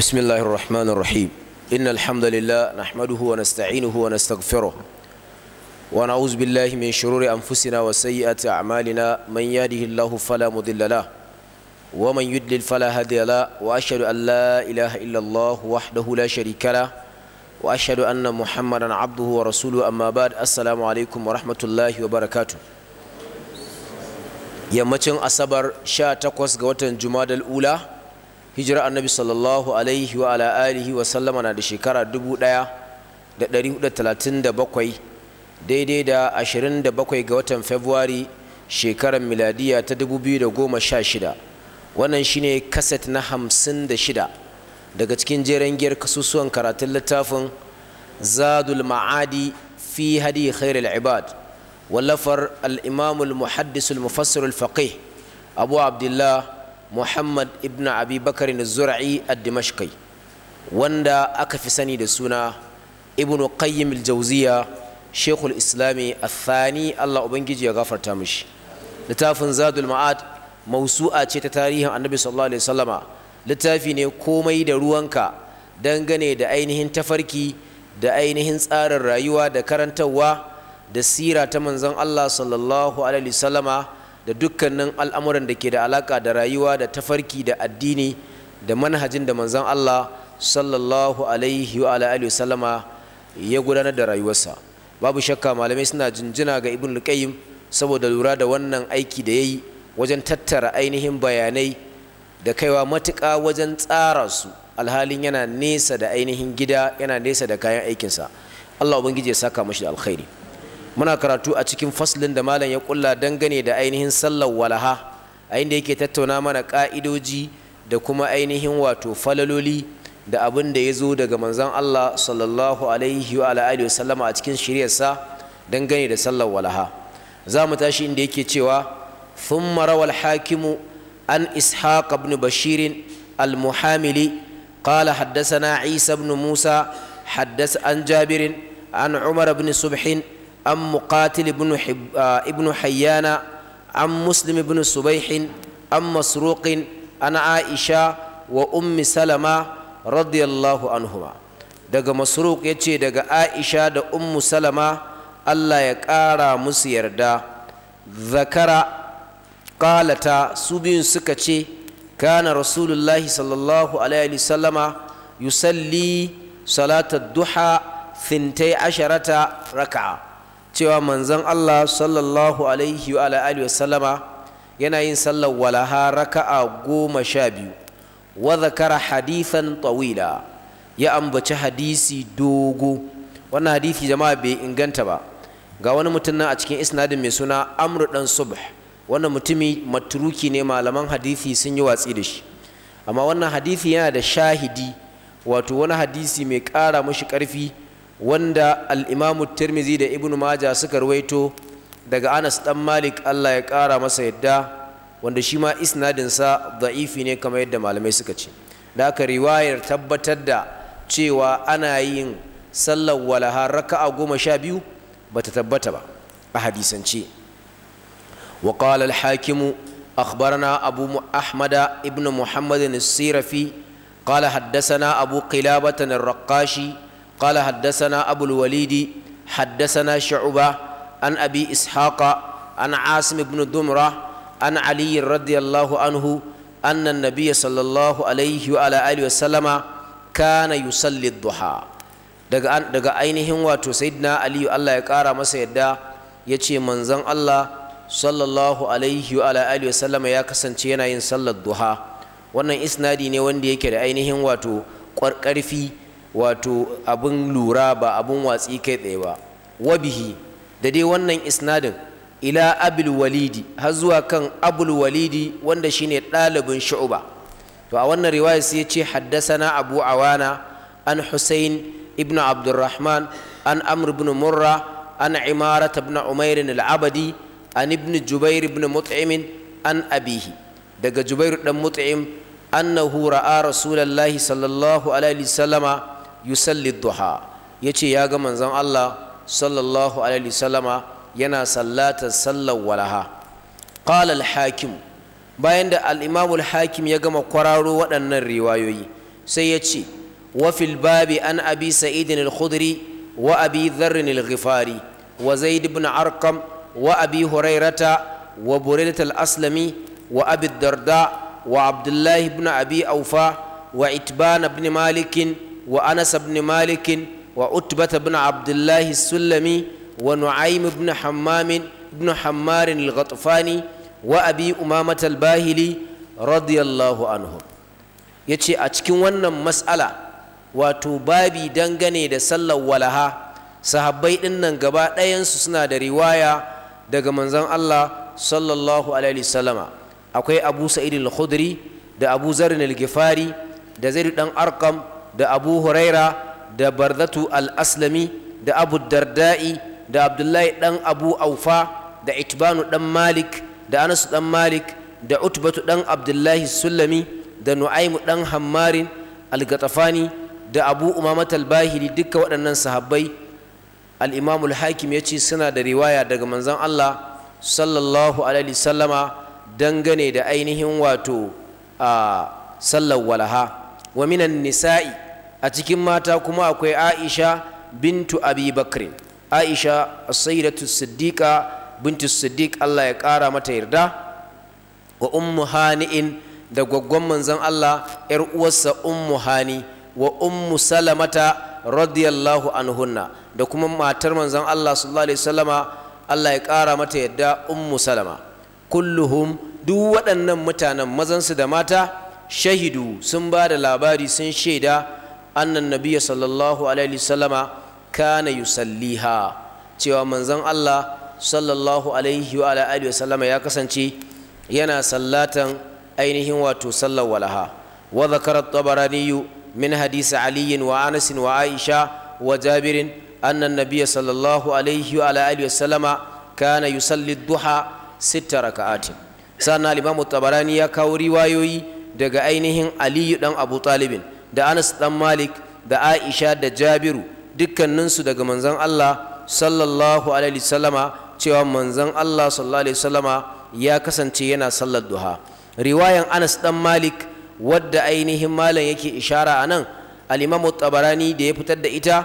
بسم الله الرحمن الرحيم إن الحمد لله نحمده ونستعينه ونستغفره ونعوذ بالله من شرور أنفسنا وسيئات أعمالنا من يهده الله فلا مضل له ومن يدلل فلا هادي له وأشهد أن لا إله إلا الله وحده لا شريك له وأشهد أن محمدا عبده ورسوله أما بعد السلام عليكم ورحمة الله وبركاته yammacin asabar 18 ga watan jumadal ula hijirar annabi sallallahu alaihi wa ala alihi wa sallama na da shekara 1437 daidai da ashirin 27 ga watan february shekarar miladiya ta goma sha shida wannan shine kaset na shida daga cikin jeren giyar kasusuwan karatun littafin zadul ma'adi fi hadi khairul ibad wallafar al-imamul muhaddisul mufassirul mufassir al-faqih abu abdullah muhammad ibn abi bakar zura'i a dimashkai wanda aka fi sani da suna ibn qayyim al-jauziya shekul islami athani allah ubangiji ya gafarta mishi littafin zadul ma'ad mausu'a ce ta tarihin annabi sallallahu alaihi wasallama littafi ne komai da ruwanka dangane da ainihin tafarki da ainihin tsarin rayuwa da karantarwa da sira ta manzon allah sallallahu alaihi wasallama da dukkanin al'amuran da ke da alaƙa da rayuwa da tafarki da addini da manhajin da manzan Allah sallallahu alaihi wa wa sallama ya gudanar da rayuwarsa babu shakka malamai suna jinjina ga ibn luqayyim saboda lura da wannan aiki da ya yi wajen tattara ainihin bayanai da kaiwa matuka wajen tsara su alhalin yana nesa da ainihin gida yana nesa da kayan aikinsa Allah ubangiji ya saka mashi da alkhairi muna karatu a cikin faslin da malam ya kulla dangane da ainihin sallar walaha a inda yake tattauna mana ka'idoji da kuma ainihin wato falaloli da abin da ya zo daga manzon Allah sallallahu alaihi wa alihi wasallama a cikin shiryarsa dangane da sallar walaha za mu tashi inda yake cewa thumma rawal hakimu an ishaq ibn bashirin al-muhamili qala حدثنا isa بن Musa, حدث عن جابر عن عمر بن Subhin. عن مقاتل بن حب ابن حيان عن مسلم بن صبيح عن مسروق عن عائشة وأم سلمة رضي الله عنهما دق مسروق يتشي دق عائشة دق أم سلمة الله يكارا مسير دا ذكر قالتا سبين سكتشي كان رسول الله صلى الله عليه وسلم يصلي صلاة الضحى ثنتي عشرة ركعة cewa manzon Allah sallallahu alaihi wa alihi wasallama yana yin sallar walaha raka'a goma sha biyu wa zakara hadithan tawila ya ambaci hadisi dogo wannan hadisi jama'a bai inganta ba ga wani mutum nan a cikin isnadin mai suna amru dan subh wannan mutumi maturuki ne malaman hadisi sun yi watsi da shi amma wannan hadisi yana da shahidi wato wani hadisi mai ƙara mashi ƙarfi wanda al'imamu tirmizi da ibnu maja suka ruwaito daga anas dan malik allah ya ƙara masa yadda wanda shi ma isnadinsa da'ifi ne kamar yadda malamai suka ce da aka riwayar tabbatar da cewa ana yin sallar walaha raka'a goma sha biyu ba ta tabbata ba a hadisance wa qala al-hakimu akhbarana abu ahmada ibn muhammadin sirafi qala haddasana abu qilabatan ar-raqashi قال حدثنا أبو الوليد حدثنا شعبة عن أبي إسحاق عن عاصم بن دمرة عن علي رضي الله عنه أن النبي صلى الله عليه وعلى آله وسلم كان يصلي الضحى daga ainihin wato sayyidina aliyu Allah ya kara masa yadda yace manzon Allah sallallahu alaihi wa ala ya kasance yana yin sallar duha wannan isnadi ne wanda yake da ainihin wato karfi wato abin lura ba abin watsi kai tsaye ba wabihi da dai wannan isnadin ila abul walidi har zuwa kan abul walidi wanda shine ɗalibin shu'ba to a wannan riwaya sai ya ce haddasana abu awana an husain ibn abdurrahman an amr ibn murra an imarat ibn umair al-abadi an ibn jubair ibn mut'im an abihi daga jubair dan mut'im annahu ra'a rasulullahi sallallahu alaihi wasallama yusalli duha yace ya ga manzon Allah sallallahu alaihi sallama yana sallata sallar walaha qala al-hakim bayan da al-imamu al-hakim ya gama kwararo waɗannan riwayoyi sai ya ce wa fil babi an abi sa'id al-khudri wa abi dharr al-ghifari wa zaid ibn arqam wa abi hurairata wa buraidat al-aslami wa abi darda wa abdullah ibn abi aufa wa itban ibn malikin وأنس بن مالك وعتبة بن عبد الله السلمي ونعيم بن حمام بن حمار الغطفاني وأبي أمامة الباهلي رضي الله عنهم yace a cikin wannan mas'ala wato babi dangane da sallar walaha sahabbai ɗinnan gaba ɗayansu suna da riwaya daga manzon Allah sallallahu alaihi wasallama akwai Abu Sa'id al-Khudri da Abu Zarr al-Ghifari da Zaid Ɗan Arqam da abu huraira da barzatu al-aslami da abu darda'i da abdullahi dan abu aufa da itbanu dan malik da anasu dan malik da utbatu dan abdullahi sulami da nu'aimu dan hammarin al-gatafani da abu umamat al bahiri duka waɗannan sahabbai al-imamu hakim ya ce suna da riwaya daga manzan allah sallallahu alaihi sallama dangane da ainihin wato a sallar walaha wa minan nisa'i a cikin mata kuma akwai aisha bintu abi bakrin aisha sayyidatu siddiqa bintu siddiq Allah ya ƙara mata yarda wa ummu hani'in da gwaggwan manzon Allah yar uwarsa ummu hani wa ummu salamata radiyallahu anhunna da kuma matar manzon Allah sallallahu alaihi wasallama Allah ya ƙara mata yarda ummu salama kulluhum duk waɗannan mutanen mazansu da mata shahidu sun ba da labari sun shaida annan nabiya sallallahu alaihi wasallama kana yusalliha cewa manzon Allah sallallahu alaihi wa alihi wasallama ya kasance yana sallatan ainihin wato sallar walaha wa zakara tabarani min hadisi ali wa anas wa aisha wa jabir anna nabiya sallallahu alaihi wa alihi wasallama kana yusalli duha sita raka'atin sannan al-imam tabarani ya kawo riwayoyi daga ainihin aliyu dan abu talibin da anas dan malik da aisha da jabiru dukkaninsu daga manzon allah sallallahu alaihi wasallama cewa manzon allah sallallahu alaihi wasallama ya kasance yana sallar duha riwayan anas dan malik wadda ainihin malam yake ishara a nan al'imamu tabarani da ya fitar da ita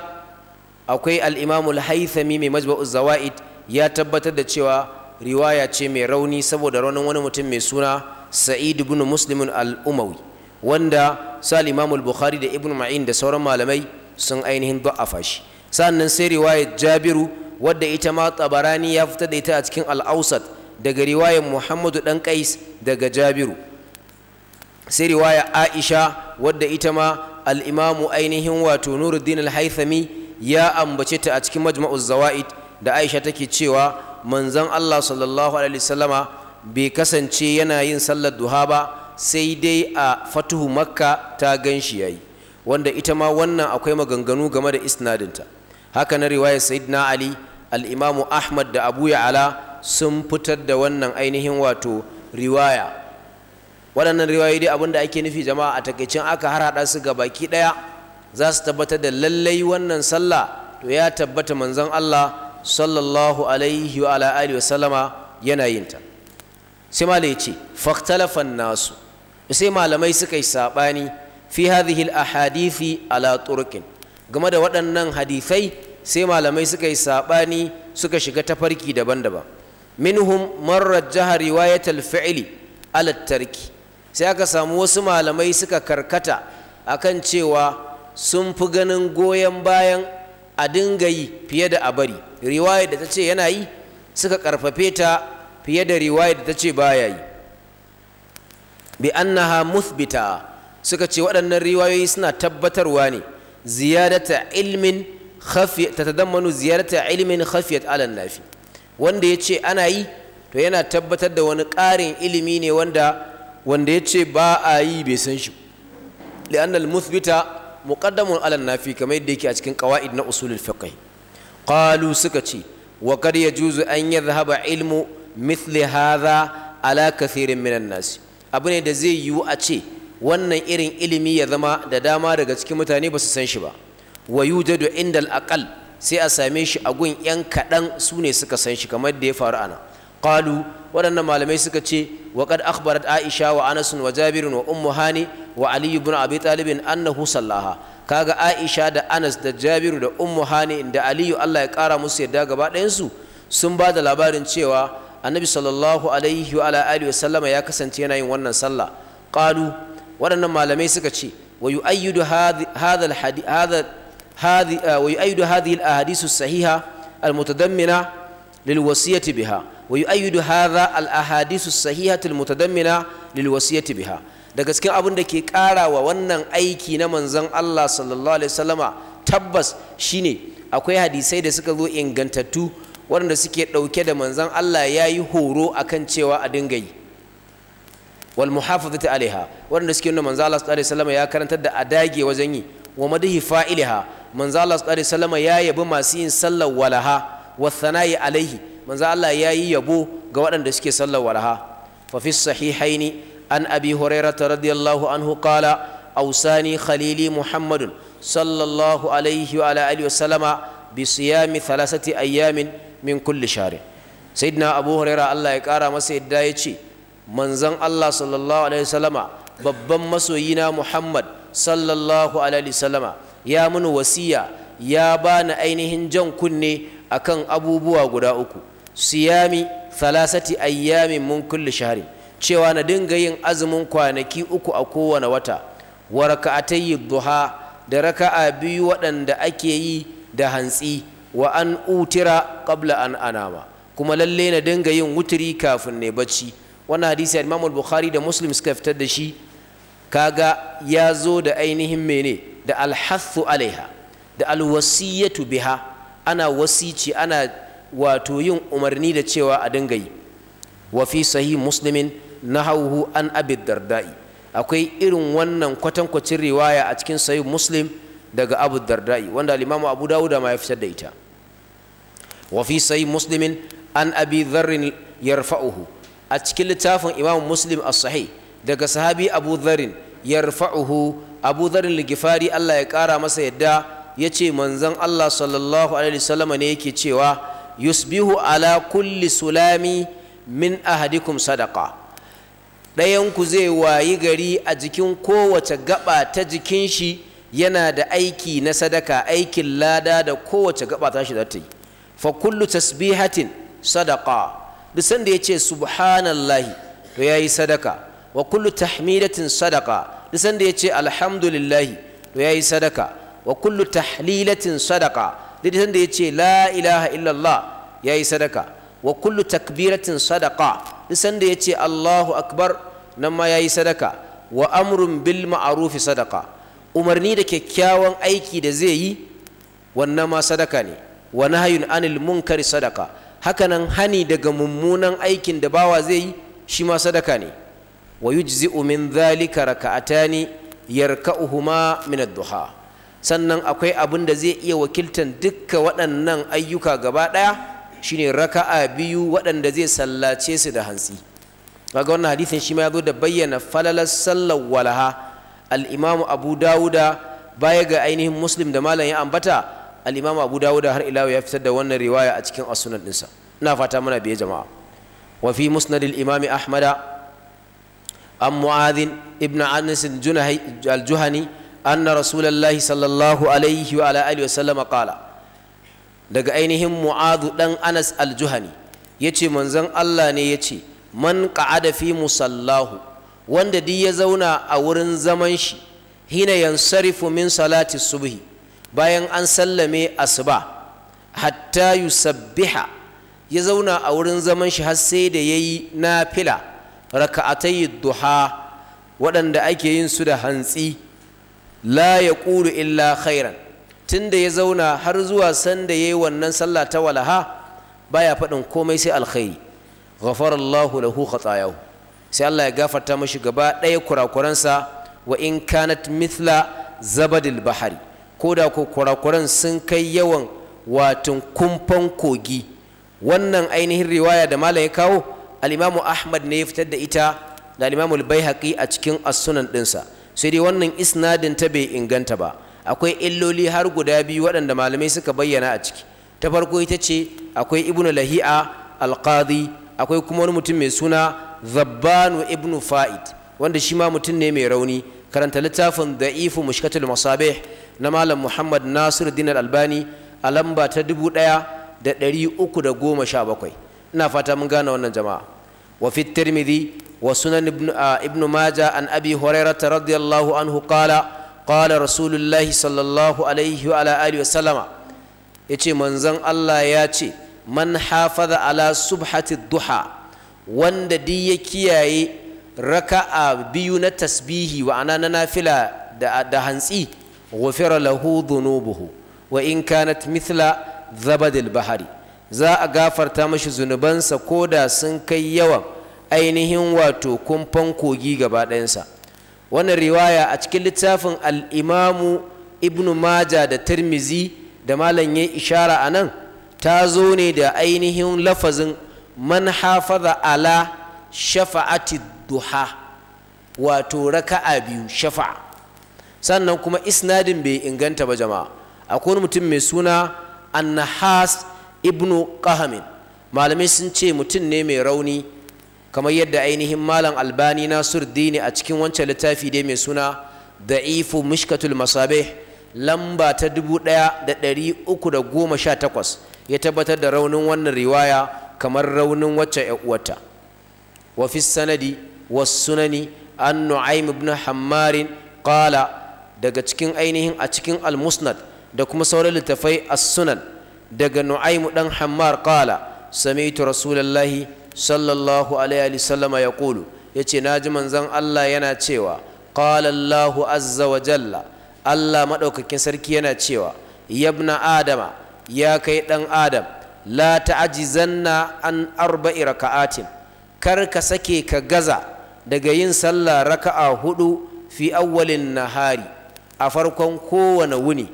akwai al'imamu haithami mai majba'u zawa'id ya tabbatar da cewa riwaya ce mai rauni saboda raunin wani mutum mai suna sa'id ibn muslim al-umawi wanda sal imam al-bukhari da ibn ma'in da sauran malamai sun ainihin da'afa shi sannan sai riwayar jabiru wadda ita ma tabarani ya fita da ita a cikin al-ausat daga riwayar muhammadu dan qais daga jabiru sai riwaya aisha wadda ita ma al'imamu ainihin wato nuruddin al-haithami ya ambace ta a cikin majma'uz zawa'id da aisha take cewa manzon allah sallallahu alaihi wasallama bai kasance yana yin sallar duha ba sai dai a fatuhu makka ta gan shi yi wanda ita ma wannan akwai maganganu game da isnadinta haka na riwayar na ali al'imamu imamu ahmad da abu ya'ala sun fitar da wannan ainihin wato riwaya waɗannan riwayoyi dai abinda ake nufi jama'a a takaicin aka har haɗa su ga baki ɗaya za su tabbatar da lallai wannan sallah to ya tabbata manzon Allah sallallahu alaihi wa ala wa sallama yana yin ta sai malai ya ce faktalafan nasu sai malamai suka yi saɓani fi hadhihi al-ahadithi ala turqin game da waɗannan hadisai sai malamai suka yi saɓani suka shiga tafarki daban-daban minhum man rajjaha riwayat al-fi'li ala tarki sai aka samu wasu malamai suka karkata akan cewa sun fi ganin goyon bayan a dinga yi fiye da a bari riwayar da ta ce yana yi suka karfafe ta fiye da riwaya da ta ce baya yi bi annaha muthbita suka ce waɗannan riwayoyi suna tabbatarwa ne ziyadata ilmin khafiyat tatadammanu ziyadata ilmin khafiyat ala nafi wanda ya ce ana yi to yana tabbatar da wani ƙarin ilimi ne wanda wanda ce ba a yi bai san shi li'anna al-muthbita muqaddamun ala nafi kamar yadda yake a cikin qawaid na usulul fiqh qalu suka ce wa kad yajuzu an yadhhaba ilmu mithli hadha ala kathirin minan nas abu ne da zai yiwu a ce wannan irin ilimi ya zama da dama daga cikin mutane ba su san shi ba wa yujadu inda al sai a same shi a gun yan kaɗan su ne suka san shi kamar da ya faru ana qalu waɗannan malamai suka ce wa qad akhbarat aisha wa anas wa jabir wa ummu hani wa ali ibn abi talib annahu sallaha kaga Aisha da Anas da Jabiru da Ummu Hani da Aliyu Allah ya kara musu yadda gaba sun ba da labarin cewa annabi sallallahu alaihi wa alihi wasallama ya kasance yana yin wannan sallah qalu waɗannan malamai suka ce wa yu'ayyidu hadha hadha hadhi ah, wa yu'ayyidu hadhihi al-ahadith as-sahiha al-mutadammina lilwasiyati biha wa yu'ayyidu hadha al-ahadith as-sahiha al-mutadammina lilwasiyati biha da cikin abin da ke karawa wannan aiki na manzon Allah sallallahu alaihi wasallama tabbas shine akwai hadisai da suka zo ingantattu waɗanda suke ɗauke da manzan Allah ya yi horo kan cewa a dinga yi wal muhafazati alaiha waɗanda suke nuna manzan Allah sallallahu alaihi wasallam ya karantar da a dage wajen yi wa madihi fa'ilaha manzan Allah sallallahu alaihi wasallam ya yabi masu yin sallar walaha wa thana'i alaihi manzan Allah ya yi yabo ga waɗanda suke sallar walaha fa fi sahihaini an abi hurairata radiyallahu anhu qala أوصاني خليلي محمد صلى الله عليه وعلى آله وسلم بصيام ثلاثة ayyamin. min kulli sharin sayyidina abu huraira Allah ya kara masa yadda ya ce manzon Allah sallallahu alaihi wasallama babban masoyina Muhammad sallallahu alaihi wasallama ya mun wasiya ya bani ainihin jan kunne akan abubuwa guda uku siyami thalathati ayyamin mun kulli shahrin cewa na dinga yin azumin kwanaki uku a kowane wata wa raka'atayyi duha da raka'a biyu waɗanda ake yi da hantsi wa an utira kabla an anama kuma lalle na dinga yin wuturi kafin ne bacci wannan hadisi Imam Bukhari da Muslim suka fitar da shi kaga ya zo da ainihin mene da alhathu alaiha da alwasiyatu biha ana wasici ana wato yin umarni da cewa a dinga yi wa fi sahih muslimin nahawhu an abi dardai akwai irin wannan kwatankwacin riwaya a cikin sahih muslim daga abu dardai wanda al abu dawuda ma ya fitar da ita wa fi sahih muslimin an abi dharr yarfa'uhu a cikin littafin imam muslim as-sahih daga sahabi abu dharr yarfa'uhu abu dharr al Allah ya kara masa yadda ya ce manzon Allah ne yake cewa yusbihu ala kulli min ahadikum sadaqa ɗayanku zai wayi gari a jikin kowace gaba ta jikin shi yana da aiki na sadaka aikin lada da kowace gaba ta shi za ta yi fa kullu tasbihatin sadaqa duk sanda ya ce subhanallahi to ya yi sadaka wa kullu tahmidatin sadaka. duk sanda ya ce alhamdulillahi to ya yi sadaka wa kullu tahlilatin sadaka. duk sanda ya ce la ilaha illallah ya yi sadaka wa kullu takbiratin sadaka. duk sanda ya ce allahu akbar nan ma ya yi sadaka wa amrun bil ma'arufi sadaka. umarni da kyakkyawan aiki da zai yi wannan ma sadaka ne wa nahyun anil munkari sadaka hakanan hani daga mummunan aikin da bawa zai yi shi ma sadaka ne wa yujzi'u min dhalika raka'atani yarka'uhuma min ad-duha sannan akwai abin da zai iya wakiltan dukkan waɗannan ayyuka gaba ɗaya shine raka'a biyu waɗanda zai sallace su da hantsi kaga wannan hadisin shi ma ya zo da bayyana falalar sallar walaha al-imamu abu dawuda baya ga ainihin muslim da malam ya ambata al-imam abu dawud har ila ya fitar da wannan riwaya a cikin as-sunan dinsa ina fata muna biye jama'a wa fi musnad al-imam ahmad an mu'adh ibn anas al-juhani anna rasulullahi sallallahu alaihi wa ala alihi wa sallama qala daga ainihin mu'adh dan anas al-juhani yace manzon Allah ne yace man qa'ada fi musallahu wanda duk ya zauna a wurin zaman shi hina yansarifu min salati subhi bayan an sallame asuba hatta yusabbiha ya zauna a wurin zaman shi har sai da yayi nafila raka'atai duha waɗanda ake yin su da hantsi la yaqulu illa khairan tunda ya zauna har zuwa sanda yayi wannan sallah ta walaha baya faɗin komai sai alkhairi ghafarallahu lahu khatayahu sai Allah ya gafarta mashi gaba ɗaya kurakuransa wa in kanat mithla zabadil bahari ko da kurakuran sun kai yawan watan kumfan kogi wannan ainihin riwaya da malam ya kawo al'imamu ahmad ne ya fitar da ita da al'imamu al-baihaqi a cikin asunan sunan ɗinsa sai dai wannan isnadin ta bai inganta ba akwai illoli har guda biyu waɗanda malamai suka bayyana a ciki ta farko ita ce akwai ibnu lahi'a al akwai kuma wani mutum mai suna zabbanu ibnu fa'id wanda shi ma mutum ne mai rauni karanta littafin da'ifu mushkatul masabih na malam muhammad nasiru dinar albani a lamba ta dubu ɗaya da ɗari uku da goma sha bakwai ina fata mun gane wannan jama'a wa fi tirmidhi wa sunan ibnu maja an abi hurairata radiyallahu anhu qala qala rasulullahi sallallahu alaihi wa alihi wa sallama yace manzon Allah ya ce man hafaza ala subhati duha wanda duk ya kiyaye raka'a biyu na tasbihi ana na nafila da hantsi ghufira lahu dhunubuhu wa in kanat mitla zabadil bahari za a gafarta mashi zunubansa ko da sun kai yawan ainihin wato kumfan kogi gaba ɗayansa wannan riwaya a cikin littafin al'imamu ibnu maja da tirmizi da malam ya ishara a nan ta zo ne da ainihin lafazin man hafaza ala shafa'ati duha wato raka'a biyu shafa'a sannan kuma isnadin bai inganta ba jama'a akwai mutum mai suna annahas ibnu qahamin malamai sun ce mutum ne mai rauni kamar yadda ainihin malam albani ne a cikin wancan littafi dai mai suna da'ifu mishkatul masabih lamba ta dubu ɗaya da ɗari uku da goma sha takwas ya tabbatar da raunin wannan riwaya kamar raunin wacce uwata. wa fi sanadi wa sunani an nu'aim ibn hammarin qala daga cikin ainihin a cikin al-musnad da kuma sauran littafai as-sunan daga nu'aymu dan hammar qala sami'tu rasulullahi sallallahu alaihi wasallam yaqulu yace naji manzon Allah yana cewa qala Allahu azza wa jalla Allah madaukakin sarki yana cewa yabna adama ya kai dan adam la ta'jizanna an arba'i raka'atin kar ka sake ka gaza daga yin sallah raka'a hudu fi awwalin nahari a farkon kowane wuni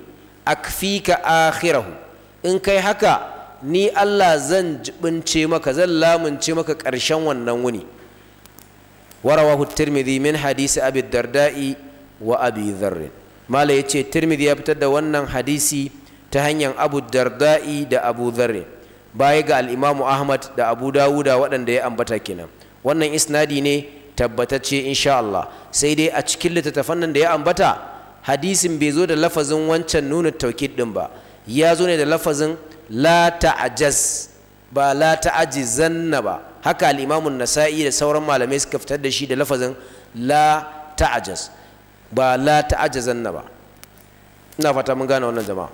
akfika akhirahu in kai haka ni Allah zan jibince maka zan lamunce maka ƙarshen wannan wuni warawahu tirmidhi min hadisi abi dardai wa abi dharr mala yace tirmidhi ya fitar da wannan hadisi ta hanyar abu dardai da abu dharr baya ga al-imam ahmad da abu dawuda waɗanda ya ambata kenan wannan isnadi ne tabbatacce insha Allah sai dai a cikin littattafan da ya ambata hadisin bai zo da lafazin wancan nuna taukid din ba ya zo ne da lafazin la ta'ajaz ba la ta'ajizanna ba haka al-Imam nasai da sauran malamai suka fitar da shi da lafazin la ta'ajaz ba la ta'ajizanna ba ina fata mun gane wannan jama'a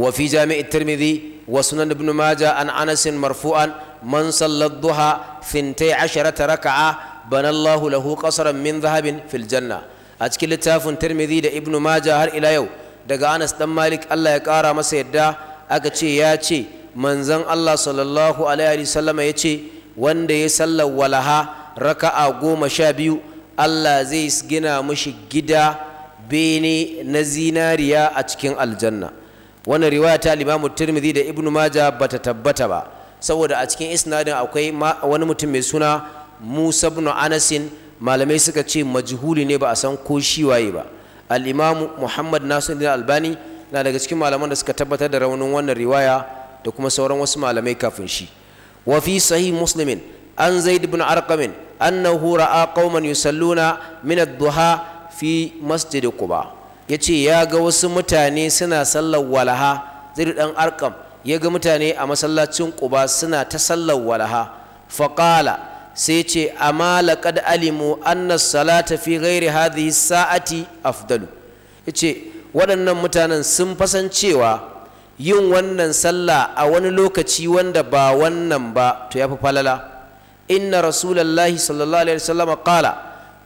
wa fi jami' at-Tirmidhi wa sunan Ibn Majah an Anas marfu'an man salla ad-duha 12 raka'a banallahu lahu qasran min dhahabin fil jannah a cikin littafin tirmidhi da ibnu maja har ila yau daga anas dan malik allah ya kara masa yadda aka ce ya ce manzon allah sallallahu alaihi wasallama ya ce wanda ya sallar walaha raka'a goma sha biyu allah zai gina mushi gida bene na zinariya a cikin aljanna wannan riwaya ta limamu tirmidhi da ibnu maja bata tabbata ba saboda a cikin isnadin akwai wani mutum mai suna musa bin anasin malamai suka ce majhuli ne ba a san ko shi waye ba al-imamu muhammad nasiruddin albani na daga cikin malaman da suka tabbatar da raunin wannan riwaya da kuma sauran wasu malamai kafin shi wa fi sahih muslimin an zaid ibn arqam annahu ra'a qauman yusalluna min ad-duha fi masjid quba yace ya ga wasu mutane suna sallar walaha zaid dan arkam ya ga mutane a masallacin quba suna ta sallar walaha faqala sai ce amma laqad alimu anna salata fi ghairi hadhihi sa'ati afdalu yace waɗannan mutanen sun fasan cewa yin wannan sallah a wani lokaci wanda ba wannan ba to yafi falala inna rasulallahi sallallahu alaihi wasallam qala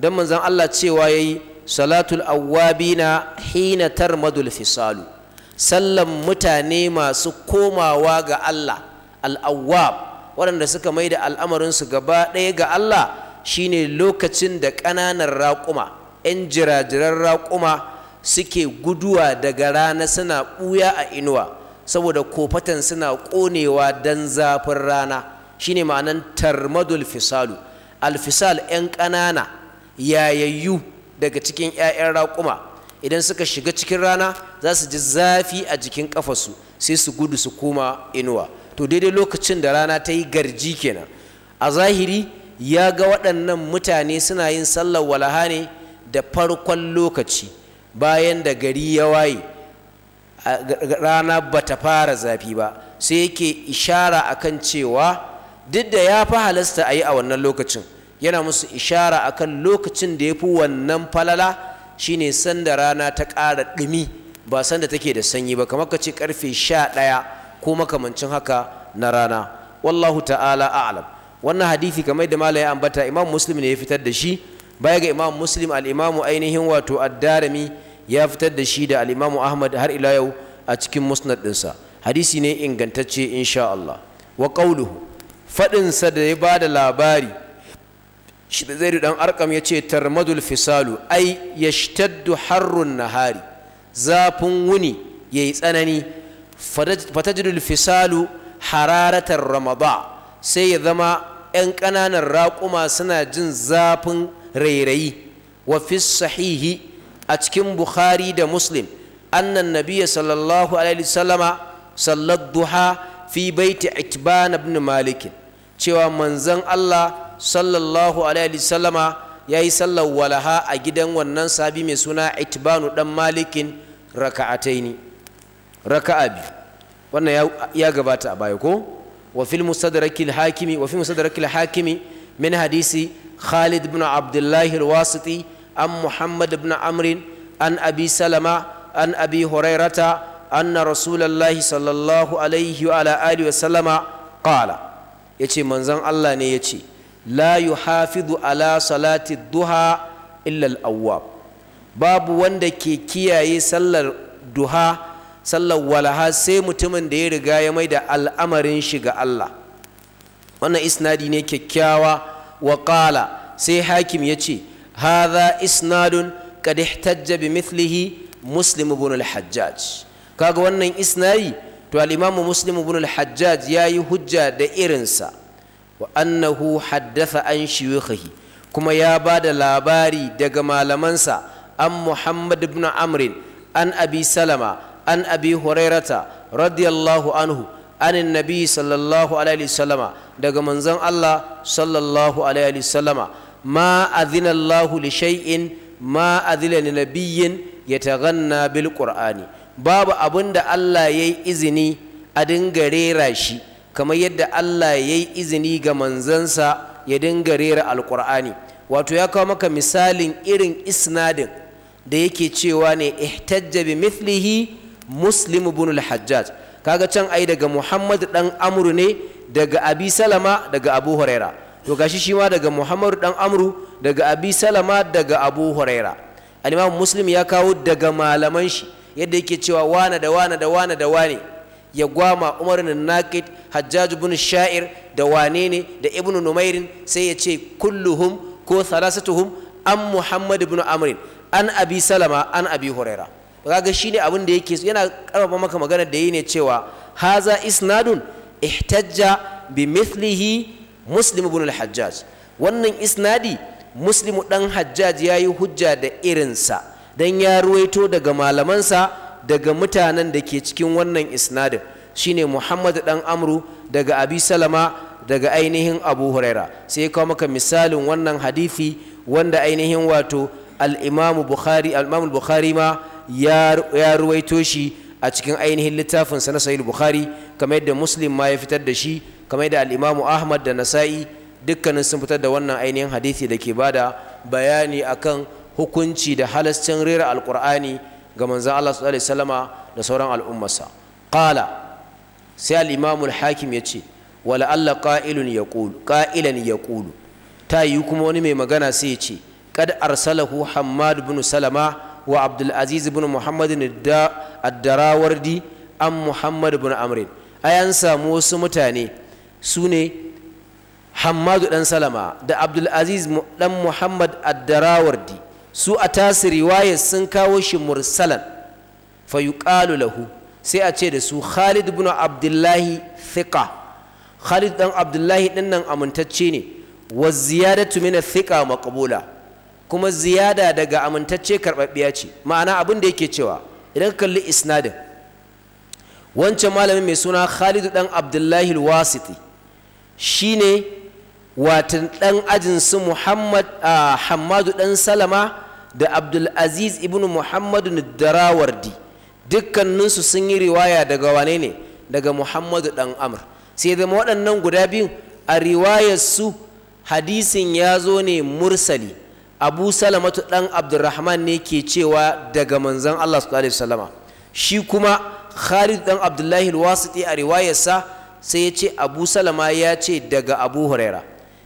dan manzon Allah cewa yayi salatul awwabina hina tarmadul fisalu sallan mutane masu komawa ga Allah al-awwab waɗanda suka mai da al'amarinsu gaba ɗaya ga Allah shine lokacin da ƙananan raƙuma 'yan jirajiran raƙuma suke guduwa daga rana suna ɓuya a inuwa saboda kofatan suna ƙonewa don zafin rana shine ma'anan tarmadul fisalu alfisal 'yan ƙanana yayayyu daga cikin 'ya'yan raƙuma idan suka shiga cikin rana za su ji zafi a jikin ƙafasu sai su gudu su koma inuwa to daidai lokacin da rana ta yi garji kenan a zahiri ya ga waɗannan mutane suna yin sallar walaha ne da farkon lokaci bayan da gari ya waye rana ba ta fara zafi ba sai yake ishara akan cewa duk da ya fi halasta a yi a wannan lokacin yana musu ishara akan lokacin da ya fi wannan falala shine sanda rana ta ƙara ɗumi ba sanda take da sanyi ba kamar ka ce ƙarfe sha ɗaya ko makamancin haka na rana wallahu ta'ala a'lam wannan hadisi kamar da malai ambata imam muslim ne ya fitar da shi baya ga imam muslim al ainihin wato ad-darimi ya fitar da shi da al-imamu ahmad har ila yau a cikin musnad ɗinsa hadisi ne ingantacce insha Allah wa qawluhu faɗinsa da ya ba da labari shi da zai dan arkam ya ce tarmadul fisalu ai yashtaddu harrun nahari zafin wuni yayi tsanani fatajidul fisalu hararatar ramada sai ya zama 'yan ƙananan raƙuma suna jin zafin rairayi wa sahihi a cikin bukhari da muslim annan nabiya sallallahu alaihi sallama sallar duha fi baiti itban ibn malikin cewa manzon allah sallallahu alaihi sallama ya yi sallar walaha a gidan wannan sabi mai suna itbanu dan malikin raka'ataini raka'a biyu wannan ya gabata a baya ko wa fil mustadrakil hakimi wa fil mustadrakil hakimi min hadisi Khalid ibn abdullahi al an Muhammad ibn amrin an Abi Salama an Abi Hurairata anna Rasulullah sallallahu alaihi wa ala alihi wa sallama qala yace manzon Allah ne yace la yuhafidu ala salati duha illa al-awwab babu wanda ke kiyaye sallar duha sallar walaha sai mutumin da ya riga ya mai da al'amarin shi ga Allah wannan isnadi ne kyakkyawa wa qala sai hakim ya ce hadha isnadun qad ihtajja bi mithlihi muslim ibn al-hajjaj kaga wannan isnadi to al-imam muslim ibn al-hajjaj yayi hujja da irinsa wa annahu haddatha an shuyukhihi kuma ya ba da labari daga malamansa an muhammad ibn amrin an abi salama an abi hurairata radiyallahu anhu anin nabi sallallahu alaihi wasallama daga manzon Allah sallallahu alaihi wasallama ma adhina Allahu li shay'in ma adhina li nabiyyin yataghanna bil qur'ani babu da Allah yayi izini a dinga rera shi kamar yadda Allah yayi izini ga manzansa ya dinga rera alqur'ani wato ya kawo maka misalin irin isnadin da yake cewa ne ihtajja bi mitlihi. muslim ibn al-hajjaj kaga can ai daga muhammad dan amru ne daga abi salama daga abu huraira to gashi shi ma daga muhammad dan amru daga abi salama daga abu huraira al-imam muslim ya kawo daga malaman shi yadda yake cewa wana da wana da wana da wane ya gwama umar naqid hajjaj bin sha'ir da wane ne da ibn numairin sai ya ce kulluhum ko thalathatuhum an muhammad ibn amrin an abi salama an abi huraira kaga shine abin da yake yana karfafa maka magana da yi ne cewa haza isnadun ihtajja bi mithlihi muslim ibn al-hajjaj wannan isnadi muslim dan hajjaj yayi hujja da irinsa dan ya ruwaito daga malamansa daga mutanen da ke cikin wannan isnadin shine muhammad dan amru daga abi salama daga ainihin abu huraira sai kawo maka misalin wannan hadithi wanda ainihin wato al-imam bukhari al-imam bukhari ma ya ruwaito shi a cikin ainihin littafinsa na sahih bukhari kamar yadda muslim ma ya fitar da shi kamar yadda al'imamu ahmad da nasa'i dukkanin sun fitar da wannan ainihin hadithi da ke bada bayani akan hukunci da halascin rera alkur'ani ga manzan allah sallallahu alaihi wasallama da sauran al'ummarsa qala sai al hakim yace ce wala allah qa'ilun yaqul qa'ilan yaqulu ta yi kuma wani mai magana sai ya ce kad arsalahu hammad ibn salama wa abdulaziz bin muhammadin addarawardi an muhammad bin amrin an samu wasu mutane su ne hammadu dan salama da abdulaziz dan muhammad addarawardi su a tasu riwayar sun kawo shi mursalan fayuqalu lahu sai a ce da su khalid bin abdullahi thiqa khalid dan abdullahi dinnan amintacce ne wa ziyadatu min thiqa maqbula kuma ziyada daga amintacce karɓaɓɓiya ce ma'ana abin da yake cewa idan ka kalli isnadin wancan malamin mai suna khalidu dan abdullahi wasiti shine watan dan ajinsu muhammad a hammadu dan salama da abdulaziz ibnu muhammadu darawardi dukkaninsu sun yi riwaya daga wane ne daga muhammadu dan amr sai zama waɗannan guda biyu a riwayarsu hadisin ya zo ne mursali abu salamatu dan abdurrahman ne ke cewa daga manzan allah alaihi wasallama shi kuma khalid dan abdullahi alwasiti a riwayarsa sai ya ce abu salama ya ce daga abu huraira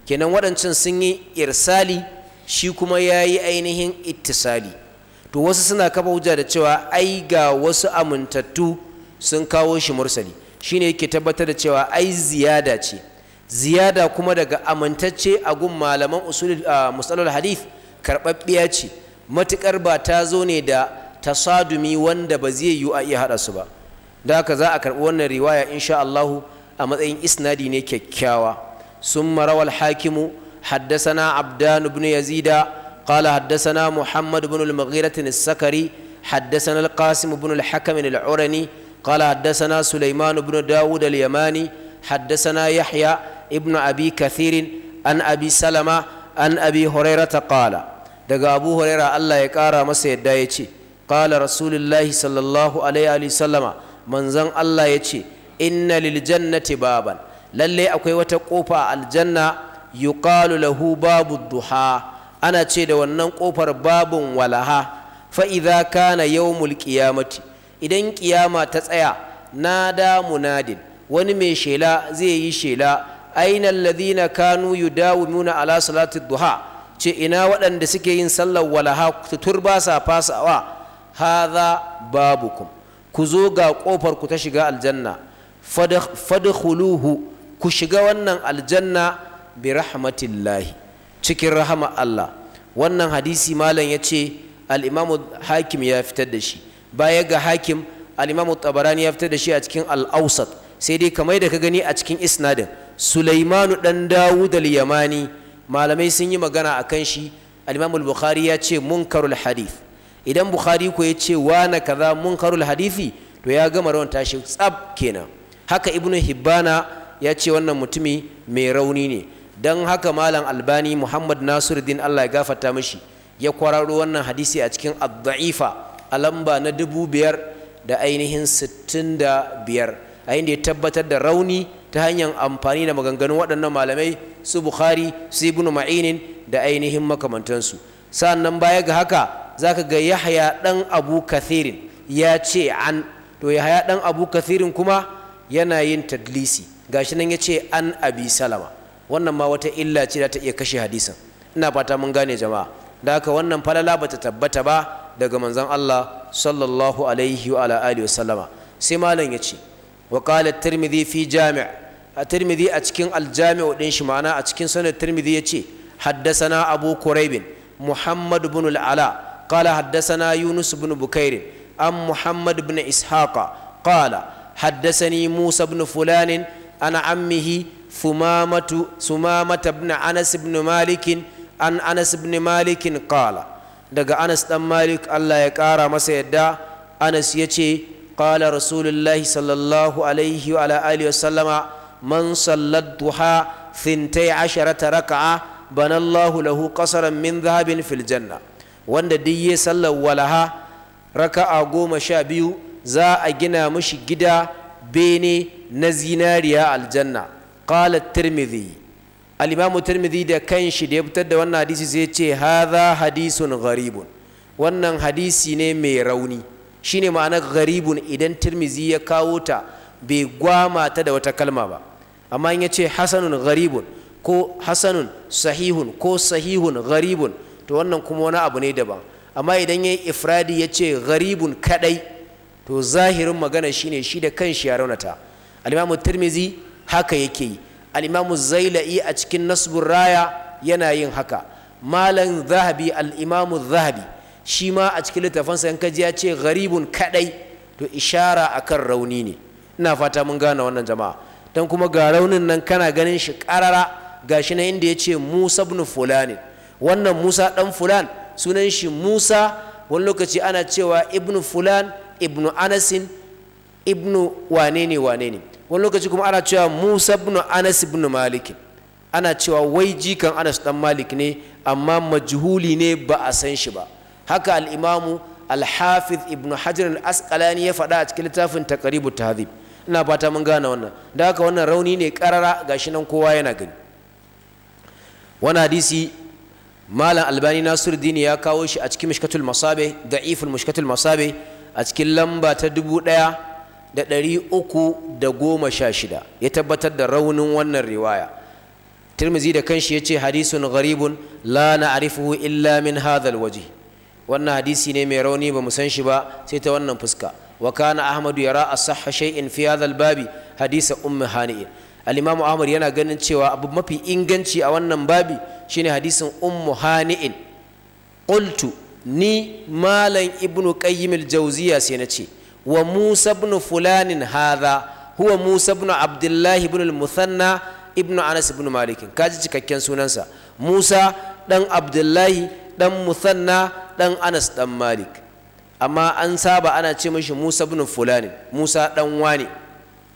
kenan waɗancan sun yi irsali shi kuma ya yi ainihin ittisali to wasu suna kafa hujja da cewa ai ga wasu amintattu sun kawo shi mursali shine yake tabbatar da cewa ai ziyada ce ziyada kuma daga amintacce a gun malaman usulul ah, musalul hadith karɓaɓɓiya ce matukar ba ta zo ne da tasadumi wanda ba zai yiwu a iya haɗa su ba da haka za a karɓi wannan riwaya insha allahu Allah a matsayin isnadi ne kyakkyawa sun mara hakimu haddasana abdan ibn yazida qala haddasana muhammad ibn al-maghiratin sakari haddasana al-qasim ibn al-hakam qala haddasana sulaiman ibn dawud al-yamani haddasana yahya ibnu abi kathir an abi salama an abi hurairah qala daga abu huraira allah ya ƙara masa yadda ya ce ƙala rasulullahi sallallahu alaihi sallama manzon allah ya ce inna lil jannati baban Lallai akwai wata ƙofa a aljanna yuqalu lahu babu duha ana ce da wannan ƙofar babun walaha fa idza kana yawmul qiyamati idan ƙiyama ta tsaya nada munadin wani mai shela zai yi shela aina alladhina kanu yudawimuna ala salati duha ce ina waɗanda suke yin sallar walaha tutur ba sa fasawa haza babukum ku zo ga ƙofar ku ta shiga aljanna fadkhuluhu ku shiga wannan aljanna bi rahmatillahi cikin rahama Allah wannan hadisi malam ya ce al'imamu hakim ya fitar da shi baya ga hakim al'imamu tabarani ya fitar da shi a cikin al'ausat sai dai kamar da ka gani a cikin isnadin sulaimanu ɗan dawud al-yamani malamai sun yi magana a kan shi al bukhari ya ce munkarul hadith idan bukhari ko ya ce na kaza munkarul hadithi to ya gama rawan tashi tsab kenan haka ibnu hibbana ya ce wannan mutumi mai rauni ne dan haka malam albani muhammad nasiruddin Allah ya gafarta mishi ya kwararo wannan hadisi a cikin ad a lamba na dubu biyar da ainihin sittin da biyar a inda ya tabbatar da rauni ta hanyar amfani da maganganun waɗannan malamai su bukhari su ibnu ma'inin da ainihin makamantansu sannan baya ga haka za ka ga yahya ɗan abu kathirin ya ce an to yahya ɗan abu kathirin kuma yana yin tadlisi gashi nan ya ce an abi salama wannan ma wata illa ce da ta iya kashe hadisin ina fata mun gane jama'a da haka wannan falala ta tabbata ba daga manzon Allah sallallahu alaihi wa wa sallama sai malam ya ce wa qala tirmidhi fi jami' tirmidhi a cikin aljami'u ɗin shi ma'ana a cikin sunan tirmidhi yace haddasana abu kuraibin muhammad ibn al-ala qala haddathana yunus ibn bukair am muhammad ibn ishaqa qala haddathani musa ibn fulanin ana ammihi ثمامة ثمامة بن أنس بن مالك أن أنس بن مالك قال anas أنس بن مالك الله يكارى مسيدا أنس يتي قال رسول الله صلى الله عليه وعلى آله وسلم man sallat duha ta asharata raka'a banallahu lahu qasaran min zahabin fil wanda duk ya sallar walaha raka'a goma sha biyu za a gina mashi gida bene na zinariya aljanna qala tirmidhi al-imamu tirmidhi da kanshi da ya fitar da wannan hadisi sai ya ce hadha hadisun gharibun wannan hadisi ne mai rauni shine ma'anar gharibun idan tirmizi ya kawo ta bai gwama ta da wata kalma ba amma in ya ce hasanun gharibun ko hasanun sahihun ko sahihun gharibun to wannan kuma wani abu ne daban amma idan ya yi ifradi ya ce gharibun kadai to zahirin magana shine shi da kan shi ya raunata alimamu tirmizi haka yake yi alimamu zaila'i a cikin nasbun raya yana yin haka malam zahabi al'imamu zahabi shi ma a cikin littafansa ya kaji ya ce gharibun kadai to ishara akan rauni ne ina fata mun gane wannan jama'a dan kuma ga raunin nan kana ganin shi karara gashi na inda ya ce musa ibn fulani wannan musa dan fulan sunan shi musa wani lokaci ana cewa Ibn fulan Ibn anasin Ibn wane ne wane ne wani lokaci kuma ana cewa musa ibn anas ibn malik ana cewa wai jikan anas dan malik ne amma majhuli ne ba a san shi ba haka al-imamu al-hafiz ibnu hajar al-asqalani ya faɗa a cikin littafin Taqribut tahdhib ina fata mun gane wannan da haka wannan rauni ne karara shi nan kowa yana gani wani hadisi malam albani nasir dini ya kawo shi a cikin mishkatul masabe da'iful mishkatul masabe a cikin lamba ta dubu ɗaya da ɗari uku da goma sha shida ya tabbatar da raunin wannan riwaya tirmizi da kanshi ya ce hadisun gharibun la na arifuhu illa min hadhal waje wannan hadisi ne mai rauni ba mu san shi ba sai ta wannan fuska Wakana Ahmadu يرى أصح شيء في هذا الباب حديث أم هانئ الإمام yana ganin cewa abu mafi inganci a wannan babi shine hadisin ummu hani'in qultu ni malam ibnu qayyim Jauziya sai na ce wa musa ibn fulanin hadha huwa musa ibn abdullah ibn al-muthanna anas ibn malik kaji cikakken sunansa musa dan abdullahi dan muthanna dan anas dan malik amma an saba ana ce mashi Musa bin fulani Musa dan wani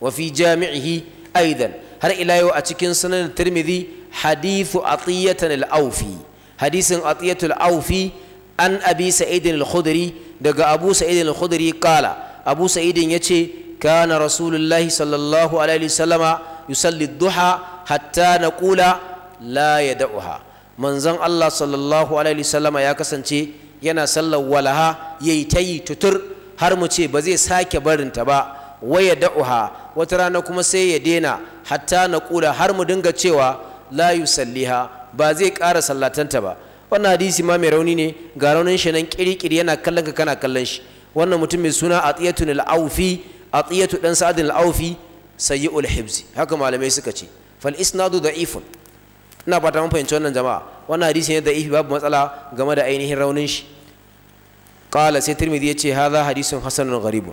wa fi jami'ihi aidan har ila yau a cikin sunan Tirmidhi hadithu Atiyatan al-Awfi hadisin Atiyatu awfi an Abi Sa'id al-Khudri daga Abu Sa'id al-Khudri kala Abu Sa'id yace kana Rasulullahi sallallahu alaihi wasallama yusalli duha hatta naqula la yad'uha manzon Allah sallallahu alaihi wasallama ya kasance yana sallar walaha yayi ta yi tutur har mu ce ba zai sake barinta ba waya da'uha wata rana kuma sai ya daina hatta na kula har mu dinga cewa la salliha ba zai ƙara sallatanta ba wannan hadisi ma mai rauni ne ga raunin shi nan yana kallon ka kana kallon shi wannan mutum mai suna atiyatun al-aufi atiyatu dan sa'ad al-aufi sayyi'ul hibzi haka malamai suka ce fal isnadu da'ifun ina fata mun fahimci wannan jama'a wannan hadisi ne ifi babu matsala game da ainihin raunin shi qala sai tirmidhi yace hadha hadisun hasanun gharibun